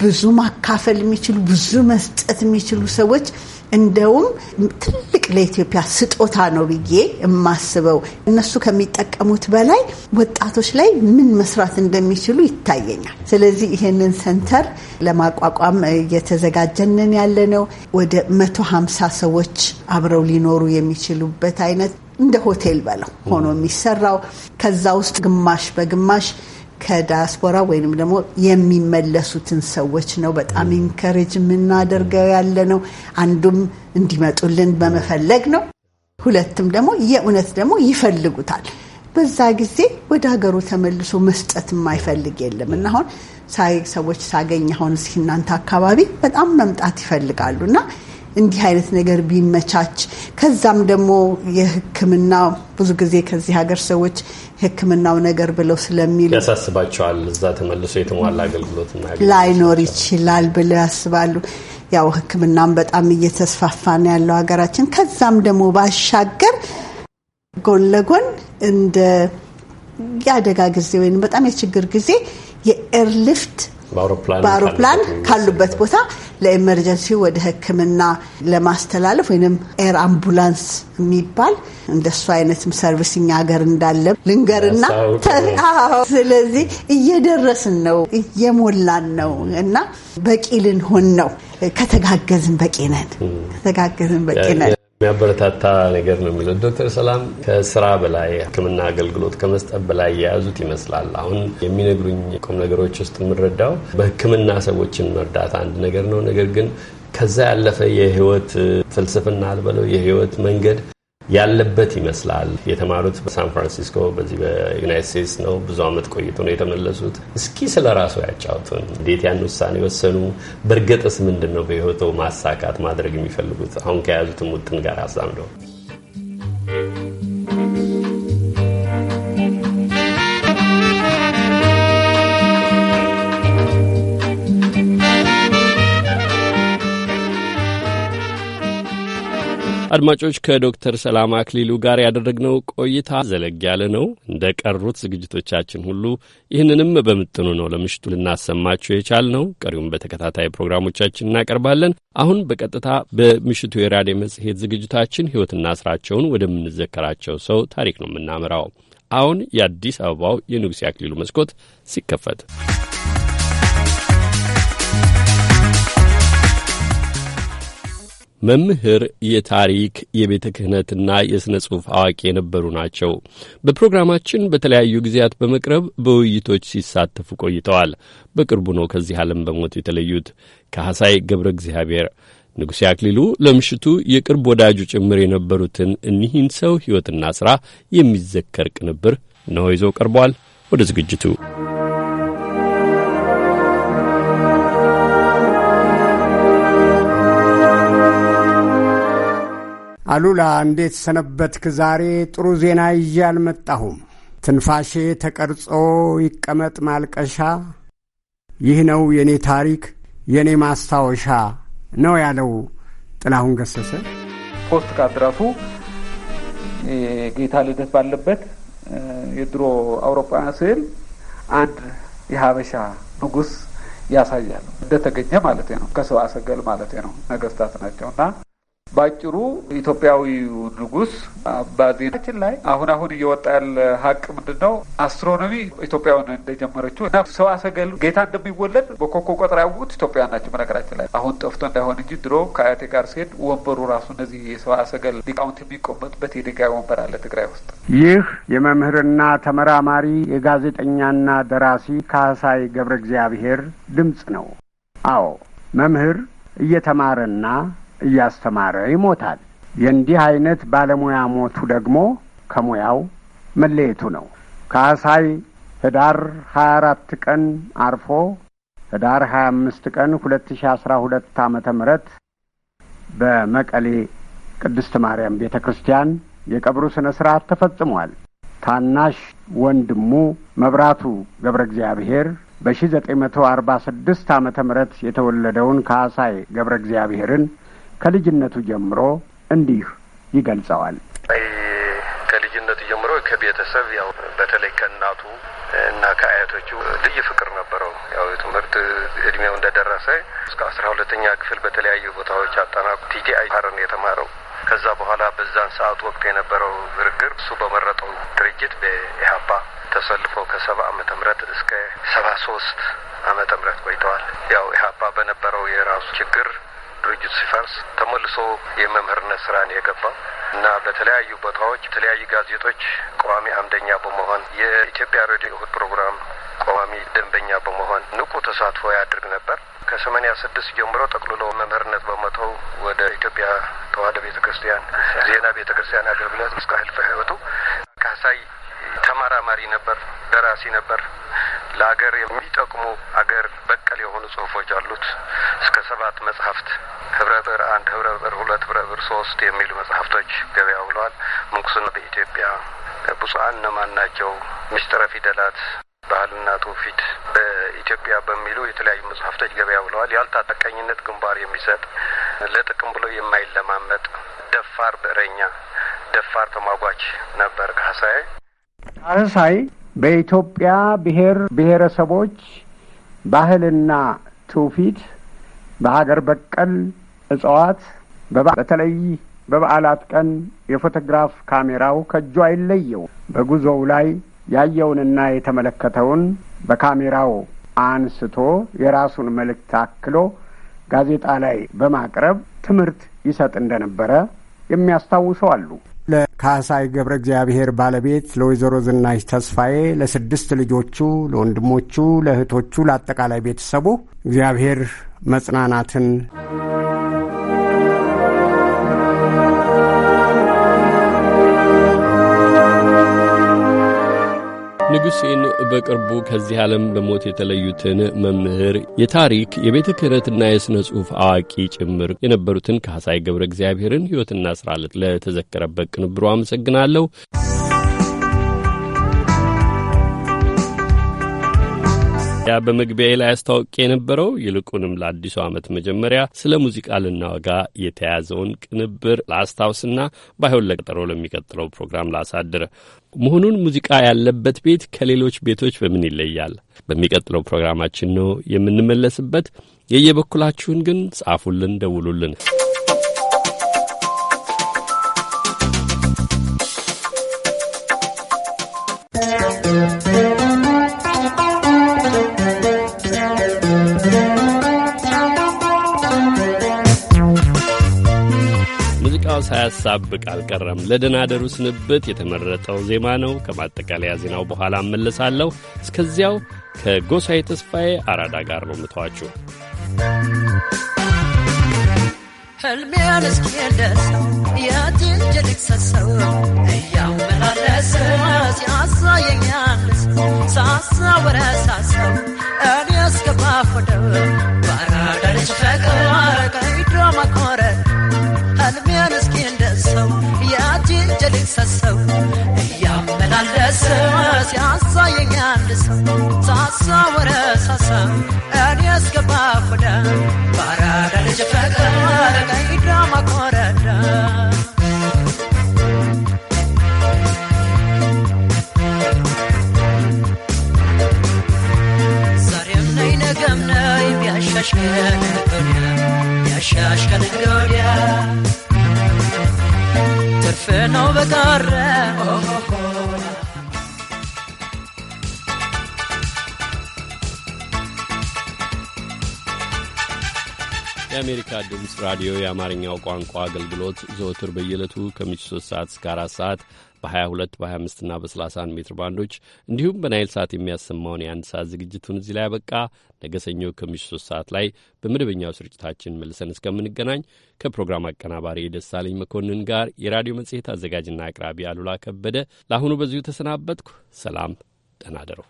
ብዙ ማካፈል የሚችሉ ብዙ መስጠት የሚችሉ ሰዎች እንደውም ትልቅ ለኢትዮጵያ ስጦታ ነው ብዬ የማስበው እነሱ ከሚጠቀሙት በላይ ወጣቶች ላይ ምን መስራት እንደሚችሉ ይታየኛል። ስለዚህ ይህንን ሰንተር ለማቋቋም እየተዘጋጀንን ያለ ነው። ወደ መቶ ሀምሳ ሰዎች አብረው ሊኖሩ የሚችሉበት አይነት እንደ ሆቴል በለው ሆኖ የሚሰራው ከዛ ውስጥ ግማሽ በግማሽ ከዳያስፖራ ወይንም ደግሞ የሚመለሱትን ሰዎች ነው በጣም ኢንከሬጅ የምናደርገው ያለ ነው። አንዱም እንዲመጡልን በመፈለግ ነው። ሁለትም ደግሞ የእውነት ደግሞ ይፈልጉታል። በዛ ጊዜ ወደ ሀገሩ ተመልሶ መስጠት የማይፈልግ የለም እና አሁን ሰዎች ሳገኝ አሁን እናንተ አካባቢ በጣም መምጣት ይፈልጋሉ እና እንዲህ አይነት ነገር ቢመቻች። ከዛም ደግሞ የሕክምና ብዙ ጊዜ ከዚህ ሀገር ሰዎች የሕክምናው ነገር ብለው ስለሚሉ ያሳስባቸዋል። እዛ ተመልሶ የተሟላ አገልግሎት ላይኖር ይችላል ብለው ያስባሉ። ያው ሕክምናም በጣም እየተስፋፋ ነው ያለው ሀገራችን። ከዛም ደግሞ ባሻገር ጎን ለጎን እንደ የአደጋ ጊዜ ወይም በጣም የችግር ጊዜ የኤርሊፍት በአውሮፕላን ካሉበት ቦታ ለኤመርጀንሲ ወደ ሕክምና ለማስተላለፍ ወይም ኤር አምቡላንስ የሚባል እንደሱ አይነትም ሰርቪስ እኛ ሀገር እንዳለ ልንገርና፣ ስለዚህ እየደረስን ነው፣ እየሞላን ነው እና በቂ ልንሆን ነው። ከተጋገዝን በቂ ነን። ከተጋገዝን በቂ ነን። የሚያበረታታ ነገር ነው የሚለው ዶክተር ሰላም ከስራ በላይ ሕክምና አገልግሎት ከመስጠት በላይ የያዙት ይመስላል። አሁን የሚነግሩኝ ቁም ነገሮች ውስጥ የምረዳው በሕክምና ሰዎችን መርዳት አንድ ነገር ነው። ነገር ግን ከዛ ያለፈ የህይወት ፍልስፍና አልበለው የህይወት መንገድ ያለበት ይመስላል። የተማሩት በሳን ፍራንሲስኮ በዚህ በዩናይት ስቴትስ ነው። ብዙ ዓመት ቆይቶ ነው የተመለሱት። እስኪ ስለ ራሱ ያጫውቱን። እንዴት ያን ውሳኔ ወሰኑ? በእርግጥስ ምንድን ነው በህይወቶ ማሳካት ማድረግ የሚፈልጉት አሁን ከያዙትም ውጥን ጋር አዛምደው አድማጮች ከዶክተር ሰላም አክሊሉ ጋር ያደረግነው ቆይታ ዘለግ ያለ ነው። እንደ ቀሩት ዝግጅቶቻችን ሁሉ ይህንንም በምጥኑ ነው ለምሽቱ ልናሰማችሁ ነው። ቀሪውም በተከታታይ ፕሮግራሞቻችን እናቀርባለን። አሁን በቀጥታ በምሽቱ የራዲዮ መጽሔት ዝግጅታችን ሕይወትና ስራቸውን ወደምንዘከራቸው ሰው ታሪክ ነው የምናምራው። አሁን የአዲስ አበባው የንጉሴ አክሊሉ መስኮት ሲከፈት መምህር፣ የታሪክ የቤተ ክህነትና የሥነ ጽሑፍ አዋቂ የነበሩ ናቸው። በፕሮግራማችን በተለያዩ ጊዜያት በመቅረብ በውይይቶች ሲሳተፉ ቆይተዋል። በቅርቡ ነው ከዚህ ዓለም በሞት የተለዩት ከሐሳይ ገብረ እግዚአብሔር ንጉሴ አክሊሉ ለምሽቱ የቅርብ ወዳጁ ጭምር የነበሩትን እኒህን ሰው ሕይወትና ሥራ የሚዘከር ቅንብር ነው ይዞ ቀርቧል። ወደ ዝግጅቱ አሉላ እንዴት ሰነበትክ? ዛሬ ጥሩ ዜና ይዤ አልመጣሁም። ትንፋሼ ተቀርጾ ይቀመጥ ማልቀሻ፣ ይህ ነው የእኔ ታሪክ የእኔ ማስታወሻ ነው ያለው ጥላሁን ገሰሰ። ፖስት ከአድራሱ ጌታ ልደት ባለበት የድሮ አውሮፓውያን ስዕል አንድ የሀበሻ ንጉስ ያሳያል እንደተገኘ ማለት ነው። ከሰው አሰገል ማለት ነው። ነገስታት ናቸው እና ባጭሩ ኢትዮጵያዊ ንጉስ አባዜናችን ላይ አሁን አሁን እየወጣ ያለ ሀቅ ምንድን ነው? አስትሮኖሚ ኢትዮጵያውን እንደጀመረችው እና ሰው አሰገል ጌታ እንደሚወለድ በኮከብ ቆጥር ያውቁት ኢትዮጵያ ናቸው። በነገራችን ላይ አሁን ጠፍቶ እንዳይሆን እንጂ ድሮ ከአያቴ ጋር ሲሄድ ወንበሩ ራሱ እነዚህ የሰው አሰገል ሊቃውንት የሚቆመጥበት የድንጋይ ወንበር አለ ትግራይ ውስጥ። ይህ የመምህርና ተመራማሪ የጋዜጠኛና ደራሲ ካህሳይ ገብረ እግዚአብሔር ድምጽ ነው። አዎ መምህር እየተማረና እያስተማረ ይሞታል። የእንዲህ አይነት ባለሙያ ሞቱ ደግሞ ከሙያው መለየቱ ነው። ካህሳይ ህዳር ሀያ አራት ቀን አርፎ ህዳር ሀያ አምስት ቀን ሁለት ሺ አስራ ሁለት ዓመተ ምህረት በመቀሌ ቅድስት ማርያም ቤተ ክርስቲያን የቀብሩ ስነ ስርዓት ተፈጽሟል። ታናሽ ወንድሙ መብራቱ ገብረ እግዚአብሔር በ ሺ ዘጠኝ መቶ አርባ ስድስት ዓመተ ምህረት የተወለደውን ከአሳይ ገብረ እግዚአብሔርን ከልጅነቱ ጀምሮ እንዲህ ይገልጸዋል። ከልጅነቱ ጀምሮ ከቤተሰብ ያው በተለይ ከእናቱ እና ከአያቶቹ ልዩ ፍቅር ነበረው። ያው የትምህርት እድሜው እንደደረሰ እስከ አስራ ሁለተኛ ክፍል በተለያዩ ቦታዎች አጠናቁ ቲጂአይ ሀረን የተማረው ከዛ በኋላ በዛን ሰዓት ወቅት የነበረው ግርግር እሱ በመረጠው ድርጅት በኢህአፓ ተሰልፎ ከሰባ አመተ ምህረት እስከ ሰባ ሶስት አመተ ምህረት ቆይተዋል። ያው ኢህአፓ በነበረው የራሱ ችግር ድርጅት ሲፈርስ ተመልሶ የመምህርነት ስራን የገባ እና በተለያዩ ቦታዎች የተለያዩ ጋዜጦች ቋሚ አምደኛ በመሆን የኢትዮጵያ ሬዲዮ እሁድ ፕሮግራም ቋሚ ደንበኛ በመሆን ንቁ ተሳትፎ ያድርግ ነበር። ከሰማኒያ ስድስት ጀምሮ ጠቅልሎ መምህርነት በመተው ወደ ኢትዮጵያ ተዋህዶ ቤተ ክርስቲያን ዜና ቤተ ክርስቲያን አገልግሎት እስከ ህልፈ ህይወቱ ካሳይ ተመራማሪ ነበር፣ ደራሲ ነበር። ለሀገር የሚጠቅሙ አገር በቀል የሆኑ ጽሁፎች አሉት። እስከ ሰባት መጽሐፍት ህብረ ብር አንድ፣ ህብረ ብዕር ሁለት፣ ህብረ ብዕር ሶስት የሚሉ መጽሐፍቶች ገበያ ውለዋል። ምንኩስና በኢትዮጵያ፣ ብፁዓን እነማን ናቸው፣ ሚስጥረ ፊደላት፣ ባህልና ትውፊት በኢትዮጵያ በሚሉ የተለያዩ መጽሐፍቶች ገበያ ውለዋል። ያልታጠቀኝነት ግንባር የሚሰጥ ለጥቅም ብሎ የማይለማመጥ ደፋር ብዕረኛ፣ ደፋር ተሟጓች ነበር ካሳዬ። ሳይ በኢትዮጵያ ብሔር ብሔረሰቦች ባህልና ትውፊት በሀገር በቀል እጽዋት በተለይ በበዓላት ቀን የፎቶግራፍ ካሜራው ከእጁ አይለየው። በጉዞው ላይ ያየውንና የተመለከተውን በካሜራው አንስቶ የራሱን መልእክት አክሎ ጋዜጣ ላይ በማቅረብ ትምህርት ይሰጥ እንደነበረ የሚያስታውሰው አሉ። ለካሳይ ገብረ እግዚአብሔር ባለቤት ለወይዘሮ ዝናሽ ተስፋዬ፣ ለስድስት ልጆቹ፣ ለወንድሞቹ፣ ለእህቶቹ፣ ለአጠቃላይ ቤተሰቡ እግዚአብሔር መጽናናትን ንጉሴን በቅርቡ ከዚህ ዓለም በሞት የተለዩትን መምህር የታሪክ የቤተ ክህነትና የሥነ ጽሑፍ አዋቂ ጭምር የነበሩትን ካሳይ ገብረ እግዚአብሔርን ሕይወትና ሥራ ለተዘከረበት ቅንብሮ አመሰግናለሁ። ያ በመግቢያ ላይ አስታወቅ የነበረው ይልቁንም ለአዲሱ ዓመት መጀመሪያ ስለ ሙዚቃ ልናወጋ የተያዘውን ቅንብር ላስታውስና ባይሆን ለቀጠሮ ለሚቀጥለው ፕሮግራም ላሳድር መሆኑን ሙዚቃ ያለበት ቤት ከሌሎች ቤቶች በምን ይለያል? በሚቀጥለው ፕሮግራማችን ነው የምንመለስበት። የየበኩላችሁን ግን ጻፉልን፣ ደውሉልን። Thank you. ዜማው ሳያሳብቅ አልቀረም። ለደናደሩ ስንብት የተመረጠው ዜማ ነው። ከማጠቃለያ ዜናው በኋላ እመለሳለሁ። እስከዚያው ከጎሳዬ ተስፋዬ አራዳ ጋር ነው የምተዋችሁ። ህልሜን ሰው ያቺን ጀልሰት እያመላለሰ ሲያሳየኝ አንድ ሰው ሳሳ ወረሳሳ እኔ እስገባ ወደ ባራዳ ልጅ ፍቅር ቀይ ድራማ ኮረዳ ዛሬም ነይ ነገም ነይ ቢያሻሽከን ወዲያ ቢያሻሽከን ወዲያ ነው በቀረ የአሜሪካ ድምፅ ራዲዮ የአማርኛው ቋንቋ አገልግሎት ዘወትር በየዕለቱ ከምሽቱ 3 ሰዓት እስከ 4 ሰዓት በ22 በ25 እና በ31 ሜትር ባንዶች እንዲሁም በናይል ሰዓት የሚያሰማውን የአንድ ሰዓት ዝግጅቱን እዚህ ላይ ያበቃ። ነገ ሰኞ ከምሽቱ 3 ሰዓት ላይ በመደበኛው ስርጭታችን መልሰን እስከምንገናኝ ከፕሮግራም አቀናባሪ የደሳለኝ መኮንን ጋር የራዲዮ መጽሔት አዘጋጅና አቅራቢ አሉላ ከበደ ለአሁኑ በዚሁ ተሰናበትኩ። ሰላም፣ ደህና ደሩ።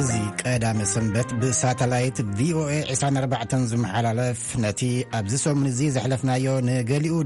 እዚህ ቀዳመ ሰንበት ብሳተላይት ቪኦኤ 24 ዝመሓላለፍ ነቲ ኣብዚ ሰሙን እዚ ዘሕለፍናዮ ንገሊኡ